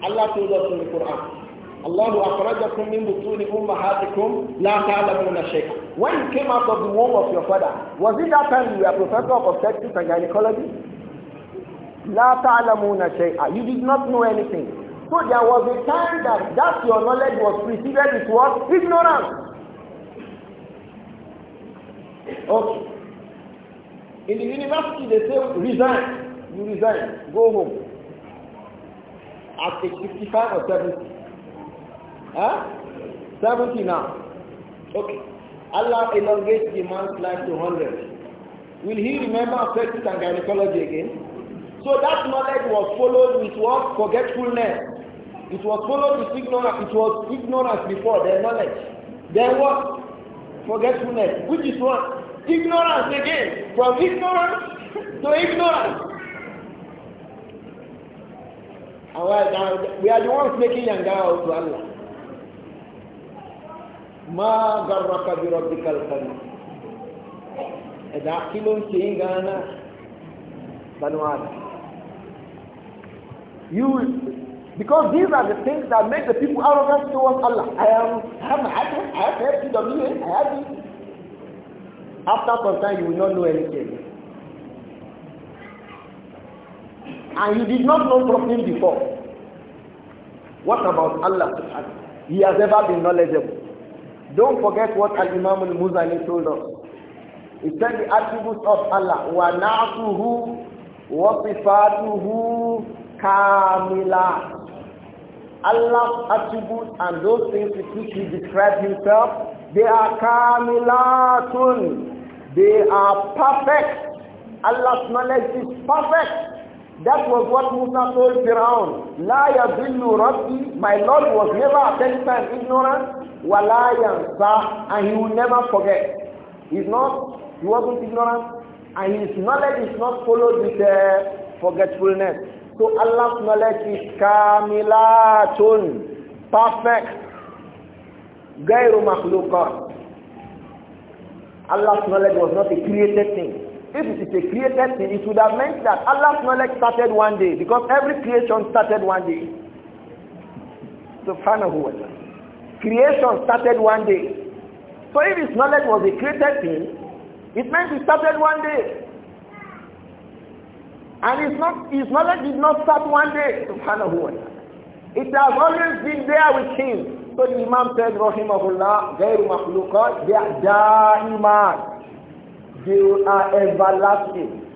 S1: Allah told us in the Quran. Allahu akhrajakum min butuni ummahatikum la ta'lamuna shay'a. When you came out of the womb of your father, was it that time you were professor of obstetrics and gynecology? La ta'lamuna shay'a. You did not know anything. So there was a time that that your knowledge was preceded it what? Ignorance. Okay. In the university they say resign. You resign. Go home. At age 65 or 70. Huh? 70 now. Okay. Allah elongates the man's life to 100. Will he remember obstetrics and gynecology again? So that knowledge was followed with what? Forgetfulness. It was followed with ignorance. It was ignorance before their knowledge. Then what? Forgetfulness. Which is what? Ignorance again. From ignorance to ignorance. And we are the ones making yanga out to Allah. Ma garraka bi rabbikal karim. Ẹ̀dá Banu Adam. You because these are the things that make the people arrogant towards Allah. I am I have I have I have I have this. After some time you will not know anything. And you did not know him before. What about Allah? He has ever been knowledgeable. Don't forget what Al Imam Al Muzani told us. He said the attributes of Allah, wa na'tuhu, wa sifatuhu, Kamila. Allah's attributes and those things with which he describes himself, they are kamilatun. They are perfect. Allah's knowledge is perfect. That was what Musa told Firaun. La yadillu rabbi, my Lord was never at any time ignorant, wa la yansa, and he will never forget. He's not, he wasn't ignorant, and his knowledge is not followed with uh, forgetfulness. So Allah's knowledge is kamilatun, perfect, gairu makhluqat. Allah's knowledge was not a created thing. If it is a created thing, it would have meant that Allah's knowledge started one day because every creation started one day. Subhanahu wa ta'ala. Creation started one day. So if his knowledge was a created thing, it meant it started one day. And it's not, It's his knowledge did not start one day, subhanahu wa ta'ala. It has always been there with him. So the Imam said, Rahimahullah, غير مخلوقات, they are daimat. They are everlasting.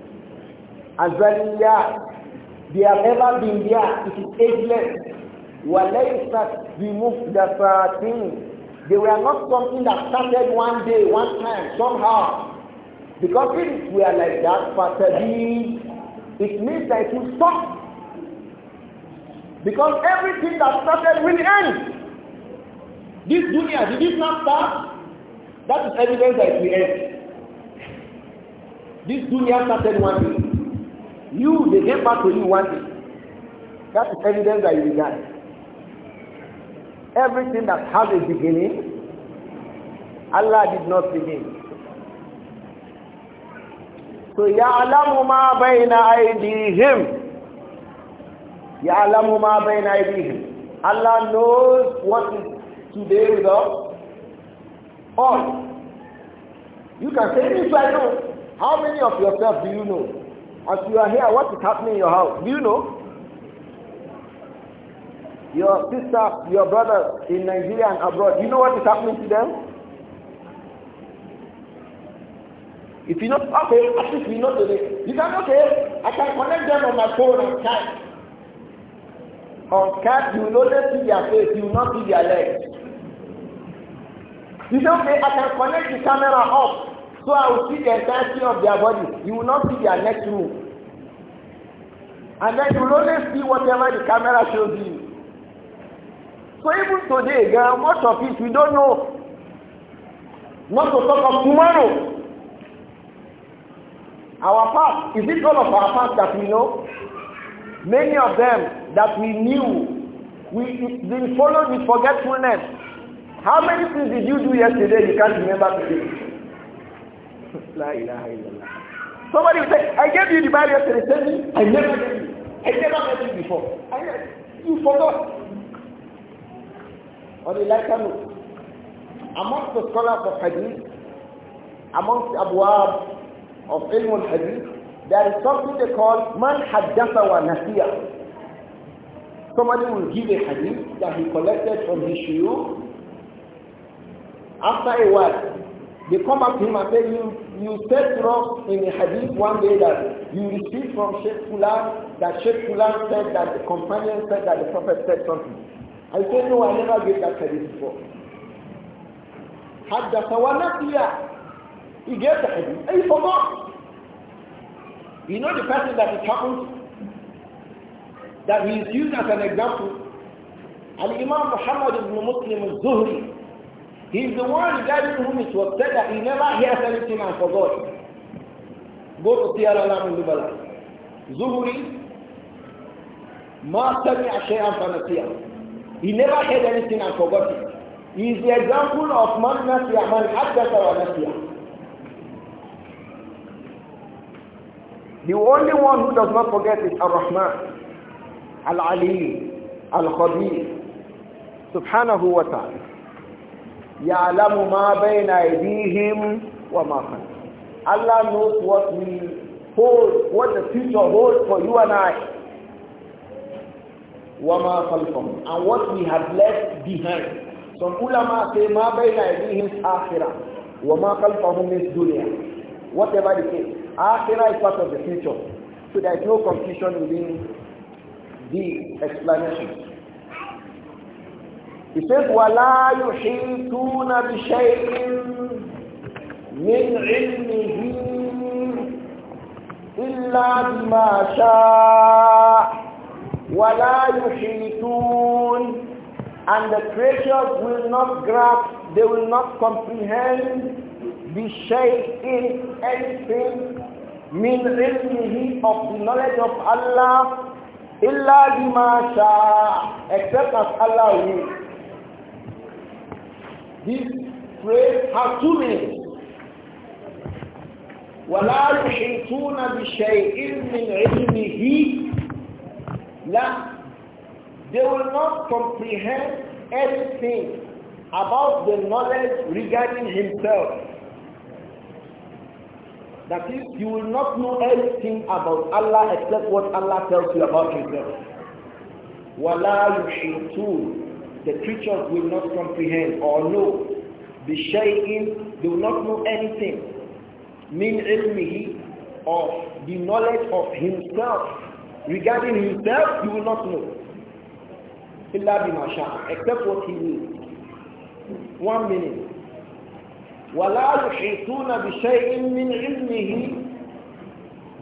S1: Azaliyat. They have ever been there. It is ageless. وَلَيْسَتْ بِمُفْدَفَاتٍ They were not something that started one day, one time, somehow. Because if we are like that, فَتَبِيدْ it means that it will stop. Because everything that started will end. This dunya, did it not start? That is evidence that it will end. This dunya started one day. You, they gave back to you one day. That is evidence that you will Everything that has a beginning, Allah did not begin. So يَعْلَمُ مَا بَيْنَ أَيْدِيهِمْ يَعْلَمُ ma بَيْنَ أَيْدِيهِمْ Allah knows what is today with us all. You can say this I know. How many of yourself do you know? As you are here, what is happening in your house? Do you know? Your sister, your brother in Nigeria and abroad, do you know what is happening to them? If you not okay, at least we know today. You can okay, I can connect them on my phone and On chat, you will only see their face, you will not see their legs. You know, okay, I can connect the camera up, so I will see the entirety of their body. You will not see their next move. And then you will only see whatever the camera shows you. So even today, there are much of it we don't know. Not to talk of tomorrow. Our past, is it all of our past that we know? Many of them that we knew, we been followed with forgetfulness. How many things did you do yesterday you can't remember today? La ilaha illallah. Somebody will say, I gave you the Bible yesterday. Tell me, I never gave you. I never met you before. I, you forgot. On the lighter note, amongst the scholars of Hadith, amongst Abu Ab, of ilm al-hadith, there is something they call man haddatha wa nasiya. Somebody will give a hadith that he collected from his shiur. After a while, they come up to him and say, you, you said wrong in a hadith one day that you received from Sheikh Fulan, that Sheikh Fulan said that the companion said that the prophet said something. I say, no, I never gave that hadith before. Haddatha wa nasiya. He gets the hadith and he forgot. You know the person that it happened that he is used as an example? Al-Imam Muhammad ibn Muslim al-Zuhri. He is the one regarding whom it was said that he never hears anything and forgot. Go to Sierra Alam in Lubala. Zuhri, ما سمع شيئا فنسيه. He never heard anything and forgot it. He is the example of man nasiya, man حدث ونسيه. The only one who does not forget is Ar-Rahman, Al-Ali, Al-Khabir, Subhanahu wa ta'ala. يَعْلَمُ مَا بَيْنَ أَيْدِيهِمْ وَمَا خَلْفَهُمْ Allah knows what we hold, what the future holds for you and I. وَمَا خَلْفَهُمْ And what we have left behind. Some ulama say مَا بَيْنَ أَيْدِيهِمْ آخِرَةً وَمَا خَلْفَهُمْ is dunya. Whatever the case. Akhirah is part of the future. So there is no confusion within the explanation. He says, وَلَا يُحِيطُونَ بِشَيْءٍ مِنْ عِلْمِهِ إِلَّا بِمَا شَاءَ وَلَا يُحِيطُونَ And the creatures will not grasp, they will not comprehend بِشَيْءٍ anything مِنْ عِلْمِهِ of the knowledge of Allah إِلَّا لِمَا شَاءَ except as Allah will. This phrase has two meanings. ولا يحيطون بشيء من علمه لا they will not comprehend anything about the knowledge regarding himself that is, you will not know anything about Allah except what Allah tells you about Himself. وَلَا يُحِيطُونَ The creatures will not comprehend or know. بِشَيْءٍ They will not know anything. مِنْ عِلْمِهِ Of the knowledge of Himself. Regarding Himself, you will not know. إِلَّا Except what He will. One minute. وَلَا يُحِيطُونَ بِشَيْءٍ مِّنْ عِلْمِهِ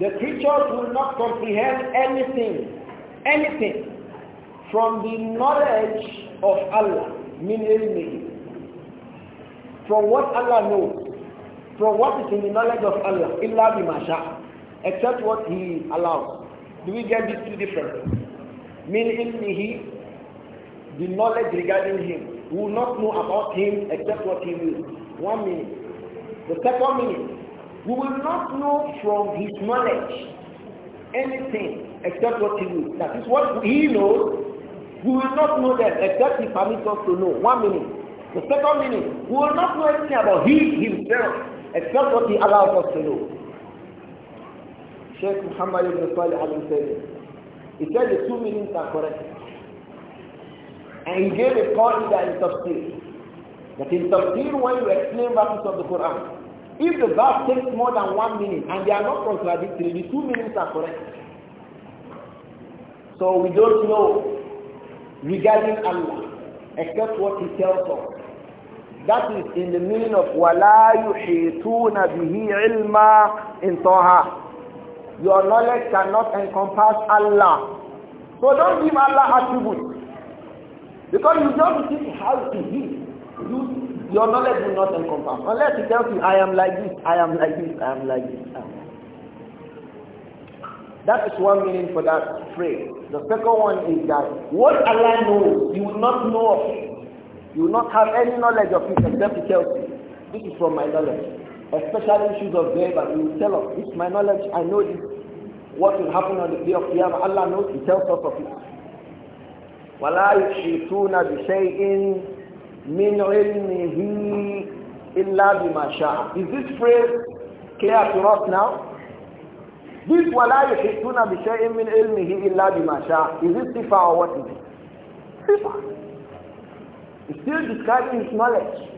S1: the creatures will not comprehend anything, anything from the knowledge of Allah, min ilmihi, from what Allah knows, from what is in the knowledge of Allah, illa bimasha, except what He allows. Do we get these two different? Min ilmihi, the knowledge regarding Him. We will not know about Him except what He wills. One minute. The second minute. We will not know from his knowledge anything except what he knows. That is what he knows. We will not know that except he permits us to know. One minute. The second minute, we will not know anything about he himself except what he allows us to know. Sheikh Muhammad ibn Salih al said He said the two minutes are correct. And he gave a point that is substantial. That in tafsir, when you explain verses of the Quran, if the verse takes more than one minute and they are not contradictory, the two minutes are correct. So we don't know regarding Allah except what He tells us. That is in the meaning of وَلَا يُحِيطُونَ بِهِ عِلْمًا in Taha. Your knowledge cannot encompass Allah. So don't give Allah attributes. Because you don't see how to heal. You, your knowledge will not encompass. Unless he tells you, I am like this, I am like this, I am like this. am. That is one meaning for that phrase. The second one is that what Allah knows, you will not know of it. You will not have any knowledge of it except He tells you. This is from my knowledge. Especially issues of grave, and He will tell us, this is my knowledge, I know this. What will happen on the day of Qiyamah, Allah knows, He tells us of it. وَلَا يُشْرِكُونَ بِشَيْءٍ min ilmihi illa bima sha'a. Is this phrase clear to us now? This wala yuhituna bi shay'in min ilmihi illa bima sha'a. Is it sifa or what is it? Sifa. He's still describing his knowledge.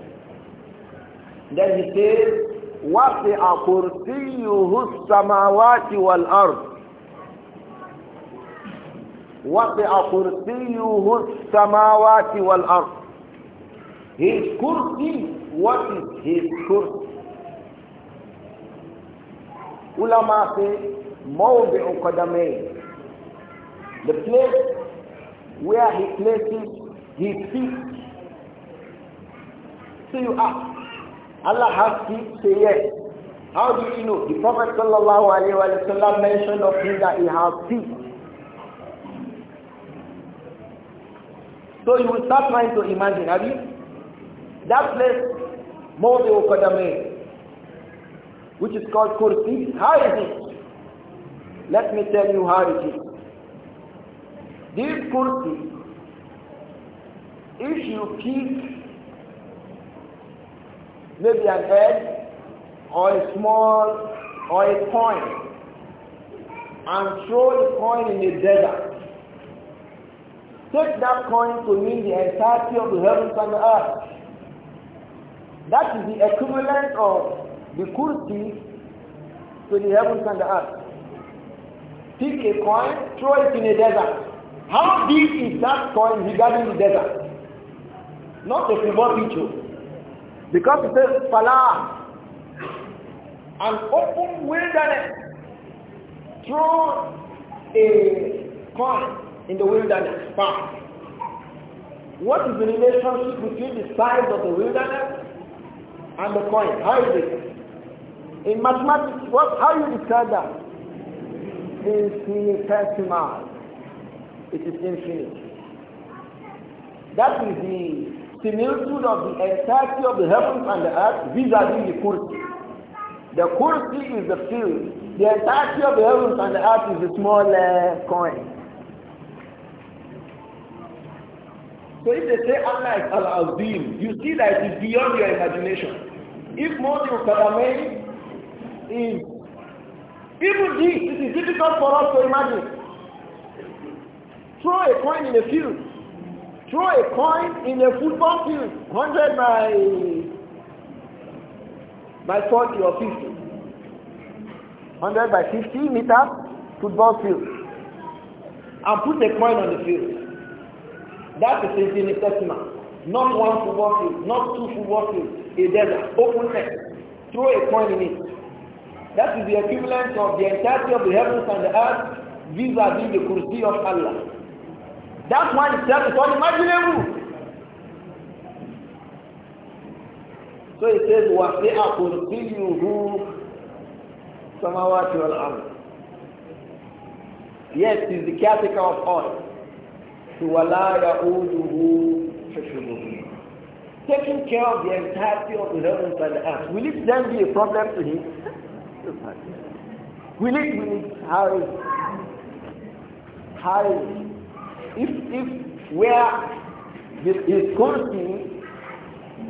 S1: Then he says, وَسِعَ كُرْسِيُّهُ السَّمَاوَاتِ وَالْأَرْضِ وَسِعَ كُرْسِيُّهُ السَّمَاوَاتِ وَالْأَرْضِ his kursi, what is his kursi? Ulama say, Mawbi'u qadamay. The place where he places his feet. So you ask, Allah has feet, say yes. How do you know? The Prophet sallallahu alayhi wa sallam mentioned of him that he has feet. So you will start trying to imagine, have you? That place, Mawdi Qadamay, which is called Kursi, how is it? Let me tell you how it is. This Kursi, if you keep maybe an egg or a small or a coin and throw the coin in the desert, take that coin to mean the entirety of the heavens and the earth. That is the equivalent of the kurti to the heavens and the earth. Pick a coin, throw it in a desert. How big is that coin regarding the desert? Not a small picture. Because it says Salah, an open wilderness. Throw a coin in the wilderness. What is the relationship between the size of the
S2: wilderness
S1: and the coin. How is
S2: it?
S1: In mathematics, what, how you describe that? Infinitesimal. It is infinite. That is the similitude of the entirety of the heavens and the earth vis-à-vis -vis the kursi. The kursi is the field. The entirety of the heavens and the earth is a small uh, coin. So if they say Allah is Al-Azim, you see that it is beyond your imagination. If Moses Kadamei is even this, it is difficult for us to imagine. Throw a coin in a field. Throw a coin in a football field. 100 by, by 40 or 50. 100 by 50 meter football field. And put a coin on the field. That is Infinite Testament. Not one football field, not two football fields, a desert, open air. Throw a coin in it. That is the equivalent of the entirety of the heavens and the earth vis-à-vis the kursi of Allah. That one itself is unimaginable. So he says, وَسِعَ كُرْسِيُّهُ سَمَوَاتِ وَالْأَرْضِ Yes, he is the caretaker of all. So, وَلَا يَعُودُهُ حِفْظُهُ Taking care of the entirety of the heavens and the earth. Will it then be a problem to him? Will it, will it, how how is, if, if, where this is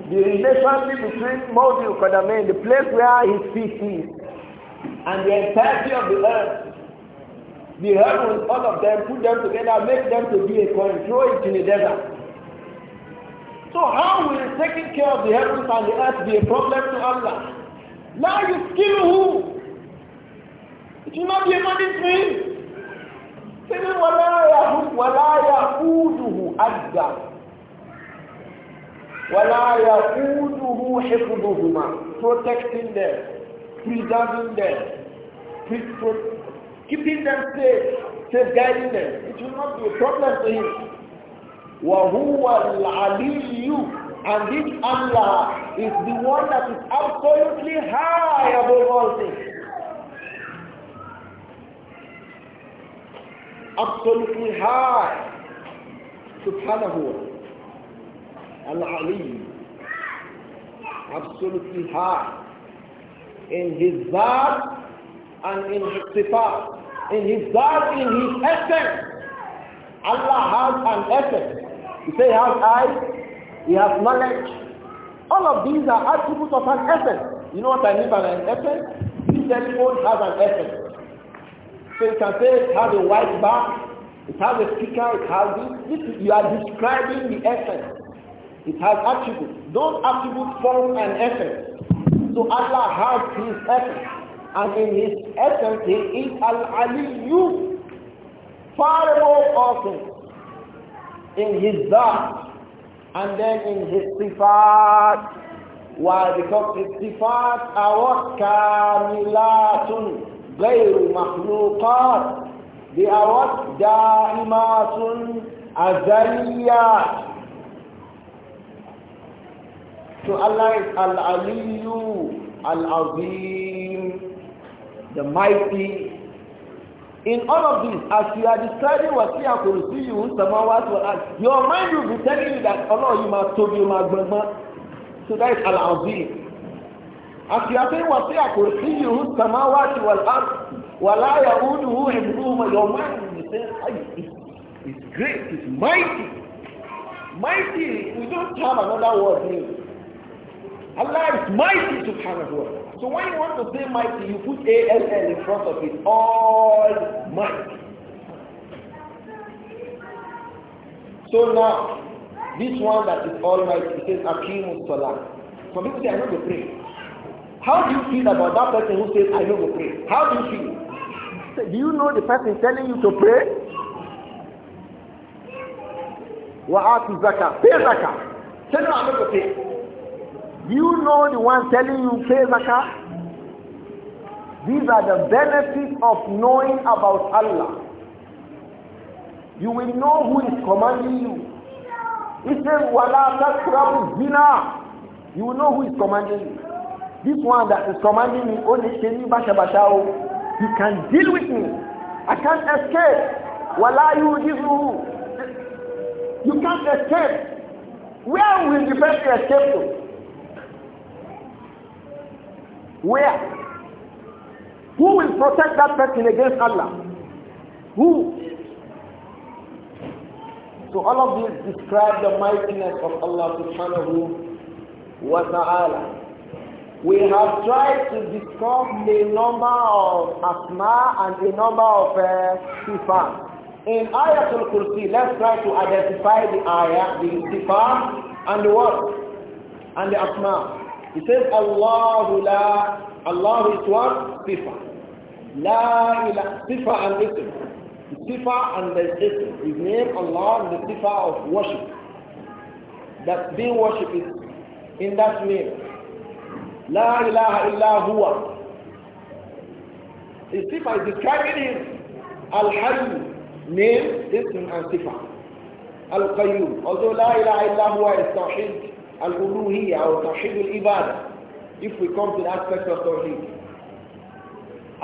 S1: the relationship between Maudil Kodame, the place where his feet is, and the entirety of the earth the heavens, all of them, put them together, make them to be a control in the desert. So how will taking care of the heavens and the earth be a problem to Allah? Now you kill who? It will not be a magic thing. Saying, وَلَا يَهُدْ وَلَا يَقُودُهُ أَدَّى وَلَا يَقُودُهُ حِفْظُهُمَا Protecting them, preserving them, keeping them safe, safe guiding them. It will not be a problem to him. وَهُوَ الْعَلِيُّ And this Allah is the one that is absolutely high above all things. Absolutely high. Subhanahu wa Al-Ali. Absolutely high. In his Zat and in his Sifat in his God, in his essence. Allah has an essence. He say he has eyes, he has knowledge. All of these are attributes of an essence. You know what I mean by an essence? This telephone has an essence. So you can say it has a white back, it has a speaker, it has this. this you are describing the essence. It has attributes. Those attributes form an essence. So Allah has his essence and in his essence he is al-aliyu far more all in his that and then in his sifat why because his sifat are what kamilatun غير مخلوقات they are what daimatun so Allah is al-aliyu al-azim the mighty. In all of this, as you are describing what you are going to see, you us will ask, your mind will be telling you that Allah, you must told you must So that is Al-Azim. As you are saying what you are going to see, you us will ask, وَلَا to عِبْرُهُمَ Your mind will say, it's, it's great, it's mighty. Mighty, we don't have another word here. Allah is mighty subhanahu wa word. So when you want to say mighty, you put A-L-L in front of it. All might.
S2: So now, this one that
S1: is all might, it says Akimu Salah. Some people say, I know to pray. How do you feel about that person who says, I know to pray? How do you feel? Do you know the person telling you to pray? Wa'atu zakah. Pay zakah. Tell me I know to pay you know the one telling you pay zakah? These are the benefits of knowing about Allah. You will know who is commanding you. He says, Wala takrabu zina. You will know who is commanding you. This one that is commanding me, only oh, Sheni Basha Bashao, oh, you can deal with me. I can't escape. Wala yujizuhu. You can't escape. Where will the best escape to? Where? Who will protect that person against Allah? Who? So all of these describe the mightiness of Allah subhanahu wa ta'ala. We have tried to discuss a number of asma and a number of uh, sifat. in Ayatul Kursi, let's try to identify the ayah, the sifat, and the what? And the asma. He says, Allahu la, Allah is one, sifa. La ila, sifa and ism. The sifa and the ism. His name, Allah, the sifa of worship. That being worshipped is in that name. La ilaha illa huwa. His sifa is describing him. Al-Hayy, name, ism and sifa. Al-Qayyum. Although la ilaha illa huwa is tawheed, al-uluhiyya or tawhid al-ibadah if we come to the aspect of tawhid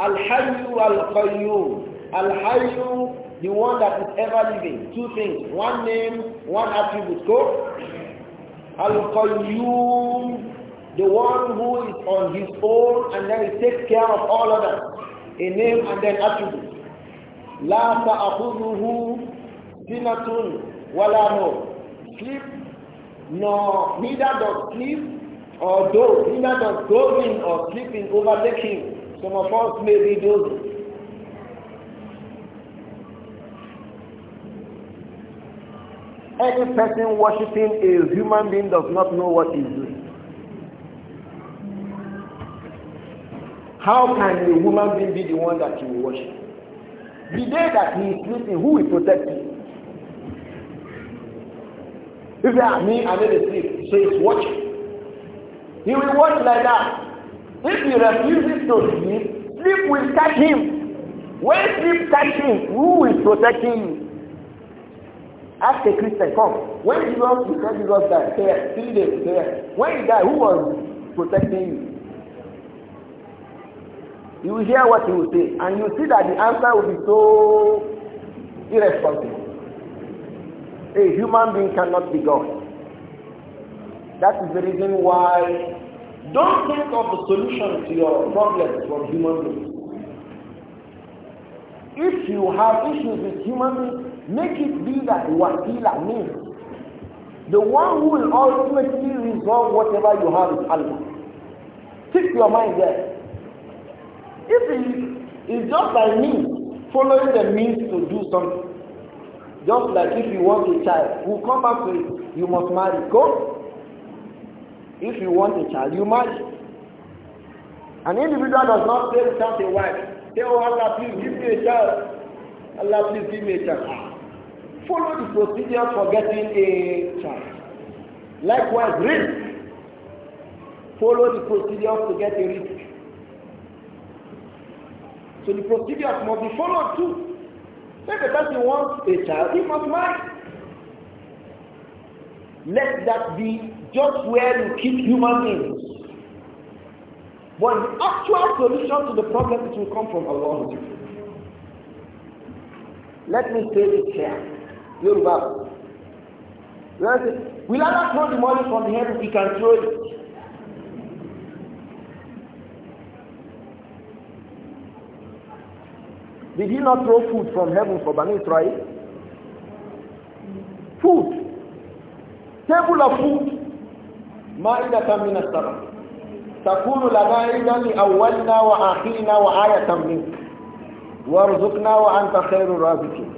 S1: al hayyu al-qayyum al hayyu the one that is ever living two things one name one attribute go al-qayyum the one who is on his own and then he takes care of all of others a name and then attribute la ta'khudhuhu sinatun wala nawm sleep nor neither does sleep or doze, neither does dozing or sleeping overtake him. Some of us may be doing. Any person worshipping a human being does not know what he's doing. How can a human being be the one that you worship? The day that he is sleeping, who will protect him? If they are me, I made a sleep. So he's watching. He will watch like that. If he refuses to sleep, sleep will catch him. When sleep catch him, who is protecting him? Ask a Christian, come. When Jesus, because Jesus died, there, three days, there. When he died, who was protecting you? You will hear what he will say, and you see that the answer will be so irresponsible. A human being cannot be God. That is the reason why don't think of the solution to your problems from human beings. If you have issues with human beings, make it be that wasila means. The one who will ultimately resolve whatever you have is Allah. Keep your mind there. If it is just by means, following the means to do something, just like if you want a child, who come back to it, you must marry. Go. If you want a child, you marry. An individual does not say without a wife, tell oh, Allah, please give me a child. Allah, please give me a child. Ah. Follow the procedure for getting a child. Likewise, risk. Follow the procedure to get a risk. So the procedures must be followed too. If the person wants a child, he must marry. Let that be just where you keep human beings. But the actual solution to the problem it will come from Allah. Let me say this here. Yoruba. Will not throw the money from the heaven? He can throw it. Did he not throw food from heaven for Banu Israel? Food. Table of food. Ma'ida tamina sara. Takulu lana li awalina wa akhina wa ayatam minka. Warzukna wa anta khairu razikin.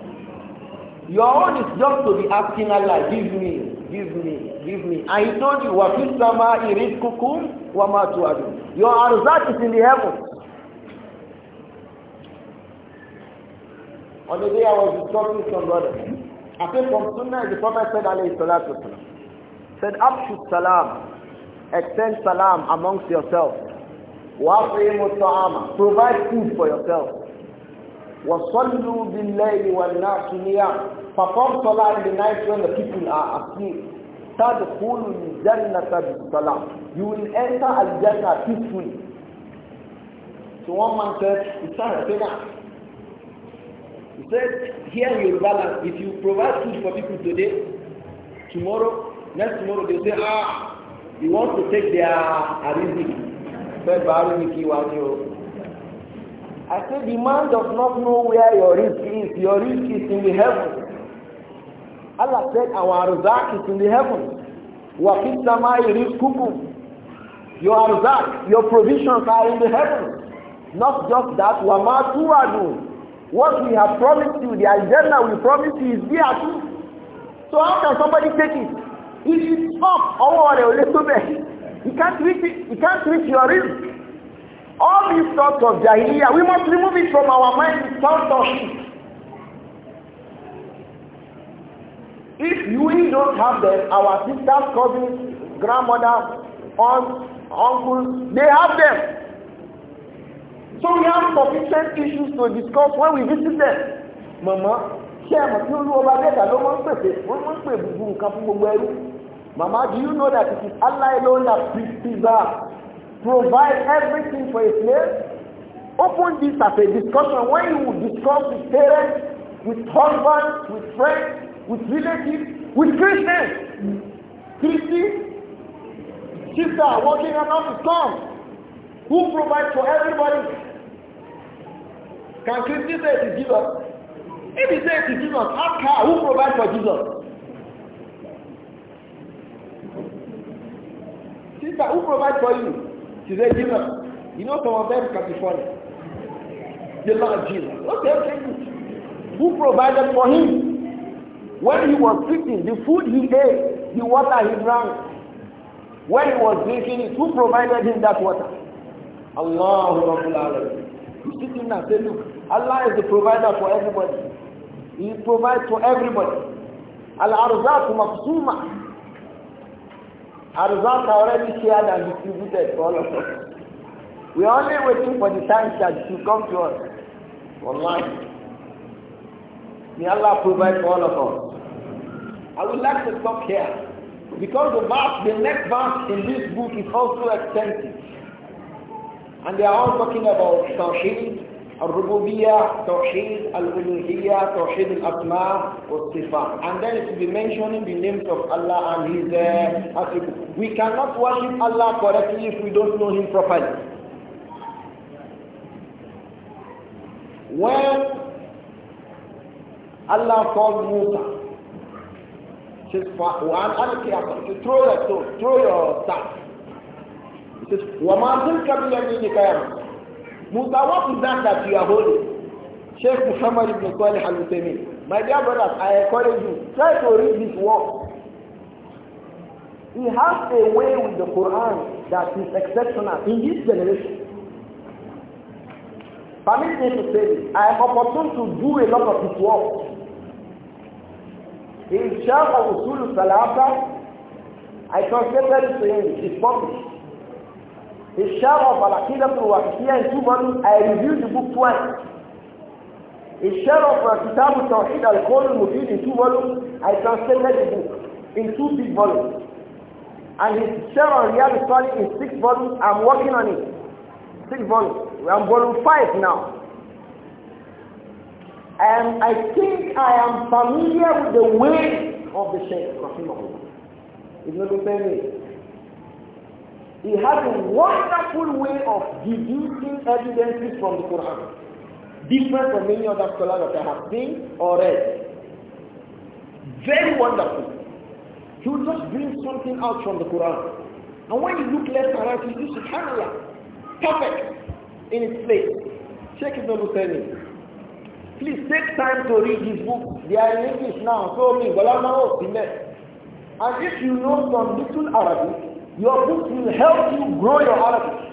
S1: Your own is just to be asking Allah, give me, give me, give me. I told you, wa fisama irizkukum wa matu adun. Your arzat is in the heaven. On the day I was instructing some brothers, I think from Sunnah the Prophet said, alayhi salatu wasalam, said, Abshut salam, extend salam amongst yourselves. Provide food for yourself. وَصَلُّوا بِاللَّيْلِ وَالنَّاسُ نِيَامٍ Perform salah in the night when the people are asleep. تَدْخُلُوا الْجَنَّةَ بِالسَّلَامِ You will enter al-Jannah peacefully. So one man said, it's not a sinner. He said, here you balance. If you provide food for people today, tomorrow, next tomorrow, they say, ah, you want to take their ariziki. if you was your... I said, the man does not know where your risk is. Your risk is in the heavens. Allah said, our arzak is in the heavens. وَقِدْ سَمَاءِ رِزْقُكُمْ Your arzak, your provisions are in the heavens. Not just that, وَمَا تُوَعَدُونَ what we have promised you, the agenda we promised you is there too. So how can somebody take it? If it's up, over a little bit, you can't reach it, you can't reach your risk. All these thoughts of Jahiliyyah, we must remove it from our mind without thought. If we don't have them, our sisters, cousins, grandmothers, aunts, uncles, they have them. So we have sufficient issues to discuss when we visit them. Màmá, ṣé my mọ̀ over there ọba no one máa ń one wọ́n máa ń pè gbogbo nǹkan Màmá, do you know that it is Allah alone that preserves, provides everything for His name? Open this as a discussion when you discuss with parents, with husbands, with friends, with relatives, with Christians. Christians, sister working around the storm who provides for everybody can Christians say it is Jesus? If he says it is Jesus, ask her who provides for Jesus. Sister, who provides for you? She said Jesus. You know some of them can be funny. The Lord Jesus. Okay, okay. Who provided for him? When he was sitting, the food he ate, the water he drank, when he was drinking it, who provided him that water? Allah Rabbul you sit in and say, look, Allah is the provider for everybody. He provides for everybody. Al-arzaq maqsuma. Arzaq already shared and distributed for all of us. We are only waiting for the time that He will come to us.
S2: Wallahi.
S1: May Allah provide for all of us. I would like to stop here because the, verse, the next verse in this book is also extensive. And they are all talking about Tawheed, Al-Rububiyyah, Tawheed, Al-Uluhiyyah, Tawheed Al-Asma, Al-Sifat. And then it will be mentioning the names of Allah and His uh, attributes. We cannot worship Allah correctly if we don't know Him properly. When Allah called Musa, says, throw your stone, throw your staff. It says, وَمَا تِلْكَ بِيَمِينِكَ يَا Musa, what is that that you are holding? Sheikh Muhammad ibn Salih al-Uthaymeen. My dear brothers, I encourage you, try to read this work. He has a way with the Quran that is exceptional in this generation. Permit me to say this. I am opportune to do a lot of his work. In Sharh al-Usul al-Salata, I translated it to English. It's published of Al-Aqidah الشرف العقيدة الواقفية in two volumes I reviewed the book twice الشرف كتاب التوحيد القول المفيد in two volumes I translated the book in two big volumes and his share on Riyadh Salih in six volumes I'm working on it six volumes we are on volume five now and I think I am familiar with the way of the Shaykh Rahimahullah Ibn Taymiyyah he has a wonderful way of deducing evidences from the Quran, different from many other scholars that I have seen or read. Very wonderful. He will just bring something out from the Quran. And when you look left and right, you see subhanAllah, perfect in its place. Check it out, Please take time to read his book. They are in English now, so me, Balama oh, And if you know some little Arabic, your books will help you grow your Arabic.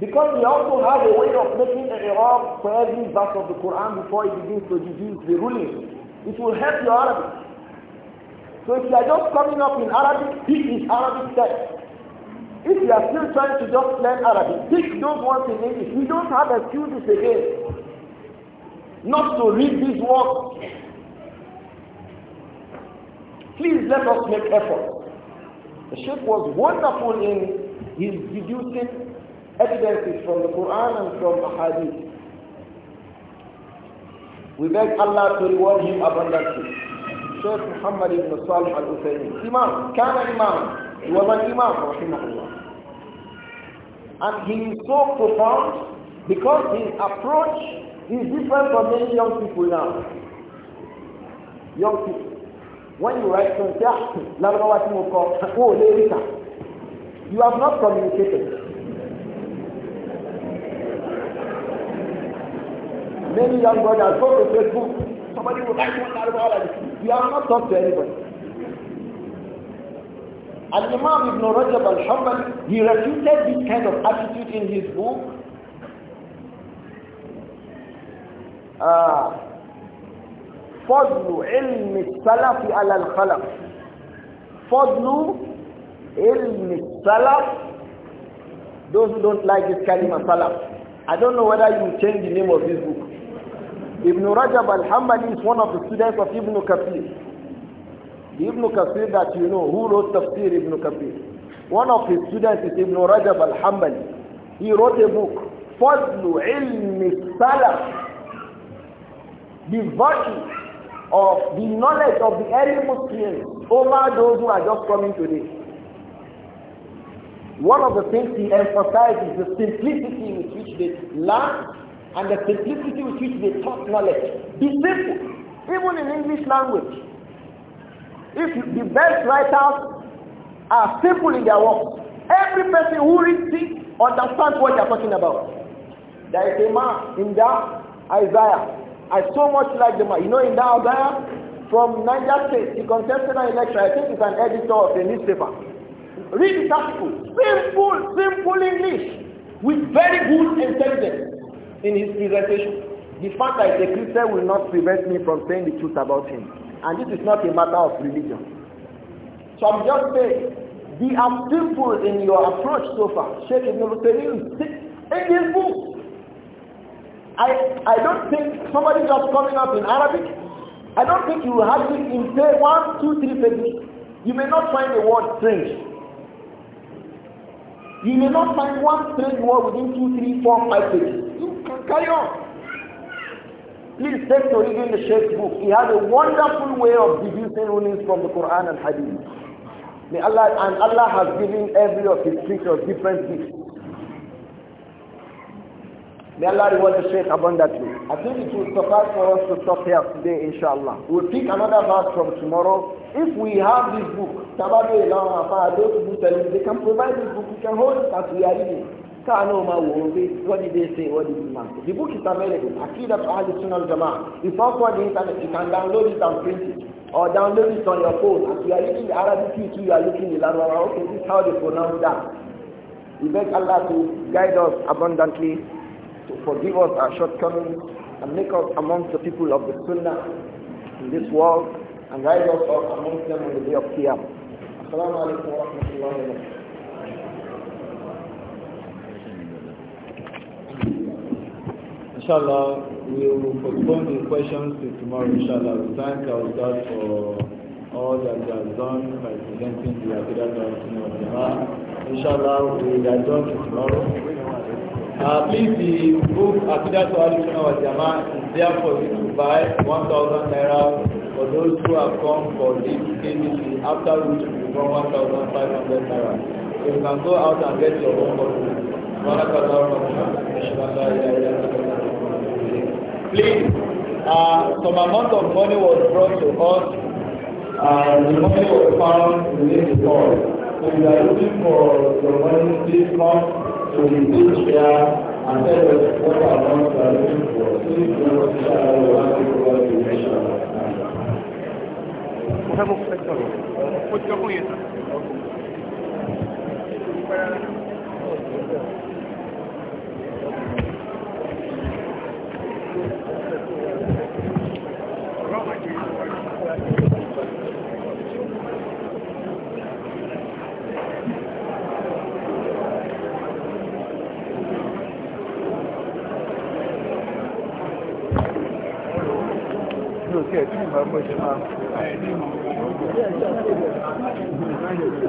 S1: Because we also have a way of making an Iraq for every verse of the Quran before it begins to deduce the ruling. It will help your Arabic. So if you are just coming up in Arabic, pick this Arabic text. If you are still trying to just learn Arabic, pick those ones in English. We don't have excuses again not to read these work. Please let us make effort. The Sheikh was wonderful in his deducing evidences from the Quran and from the Hadith. We beg Allah to reward him abundantly. Sheikh Muhammad ibn Salih al-Uthaymeen, Imam, Kana Imam, he was an Imam, rahimahullah. And he is so profound because his approach is different from many young people now. Young people when you write something say ah lárúbáwá tí mo kọ wọn you have not communicated. many young brothers go to facebook somebody will write one lárúbáwá like this you have not talked to anybody. And Imam Ibn Rajab al-Hambali, he refuted this kind of attitude in his book. Uh, فضل علم السلف على الخلف فضل علم السلف those who don't like this kalima salaf i don't know whether you change the name of this book ibn rajab al-hanbali is one of the students of ibn al the ibn kathir that you know who wrote tafsir ibn kathir one of his students is ibn rajab al-hanbali he wrote a book fadlu ilmi salaf the virtue of the knowledge of the early Muslims over those who are just coming today. One of the things he emphasized is the simplicity with which they learn and the simplicity with which they taught knowledge. Be simple, even in English language. If the best writers are simple in their work, every person who reads it understands what they are talking about. There is a man in that Isaiah I so much like the man. You know, in that from Niger State, he contested an election. I think he's an editor of a newspaper. Read his article. Simple, simple English with very good intelligence in his presentation. The fact that he's a Christian will not prevent me from saying the truth about him. And this is not a matter of religion. So I'm just saying, be as simple in your approach so far. Sheikh Ibn Ruthayim, in his book, I, I don't think somebody just coming up in Arabic, I don't think you will have it in say one, two, three pages. You may not find the word strange. You may not find one strange word within two, three, four, five pages.
S2: You can carry on.
S1: Please take to reading the Sheikh's book. He has a wonderful way of deducing rulings from the Quran and Hadith. May Allah and Allah has given every of his creatures different gifts. May Allah reward the Shaykh abundantly. I think it will suffice for us to stop here today, inshallah. We'll pick another verse from tomorrow. If we have this book, Tabado Ilam Afa, those who tell they can provide this book, we can hold it as we are reading. What did they say? What did they say? The book is available. Akidat Al Sunnah Jama'ah. It's also on the internet. You can download it and print it. Or download it on your phone. As you are reading the Arabic too, you are looking the Larabawa. Okay, this is how they pronounce that. We beg Allah to guide us abundantly to forgive us our shortcomings and make us amongst the people of the Sunnah in this world and guide us all amongst them on the day of Qiyam.
S2: Assalamu alaikum wa rahmatullahi wa
S1: Inshallah, we will postpone the questions to tomorrow. Inshallah, we thank our God for all that they have done by presenting the Aqidah of the Inshallah, we adjourn to tomorrow. Uh, please, the book Akida to Alushina wa Jama is there for you to buy 1,000 naira for those who have come for this KBC, after which you will 1,500 naira. So you can go out and get your own for copy.
S2: Please, uh, some amount
S1: of money was brought to us and the money was found within the call.
S2: So if you are looking for your money, please come to reduce their and what are looking for. Please do not share the nation. Estamos bó ṣe máa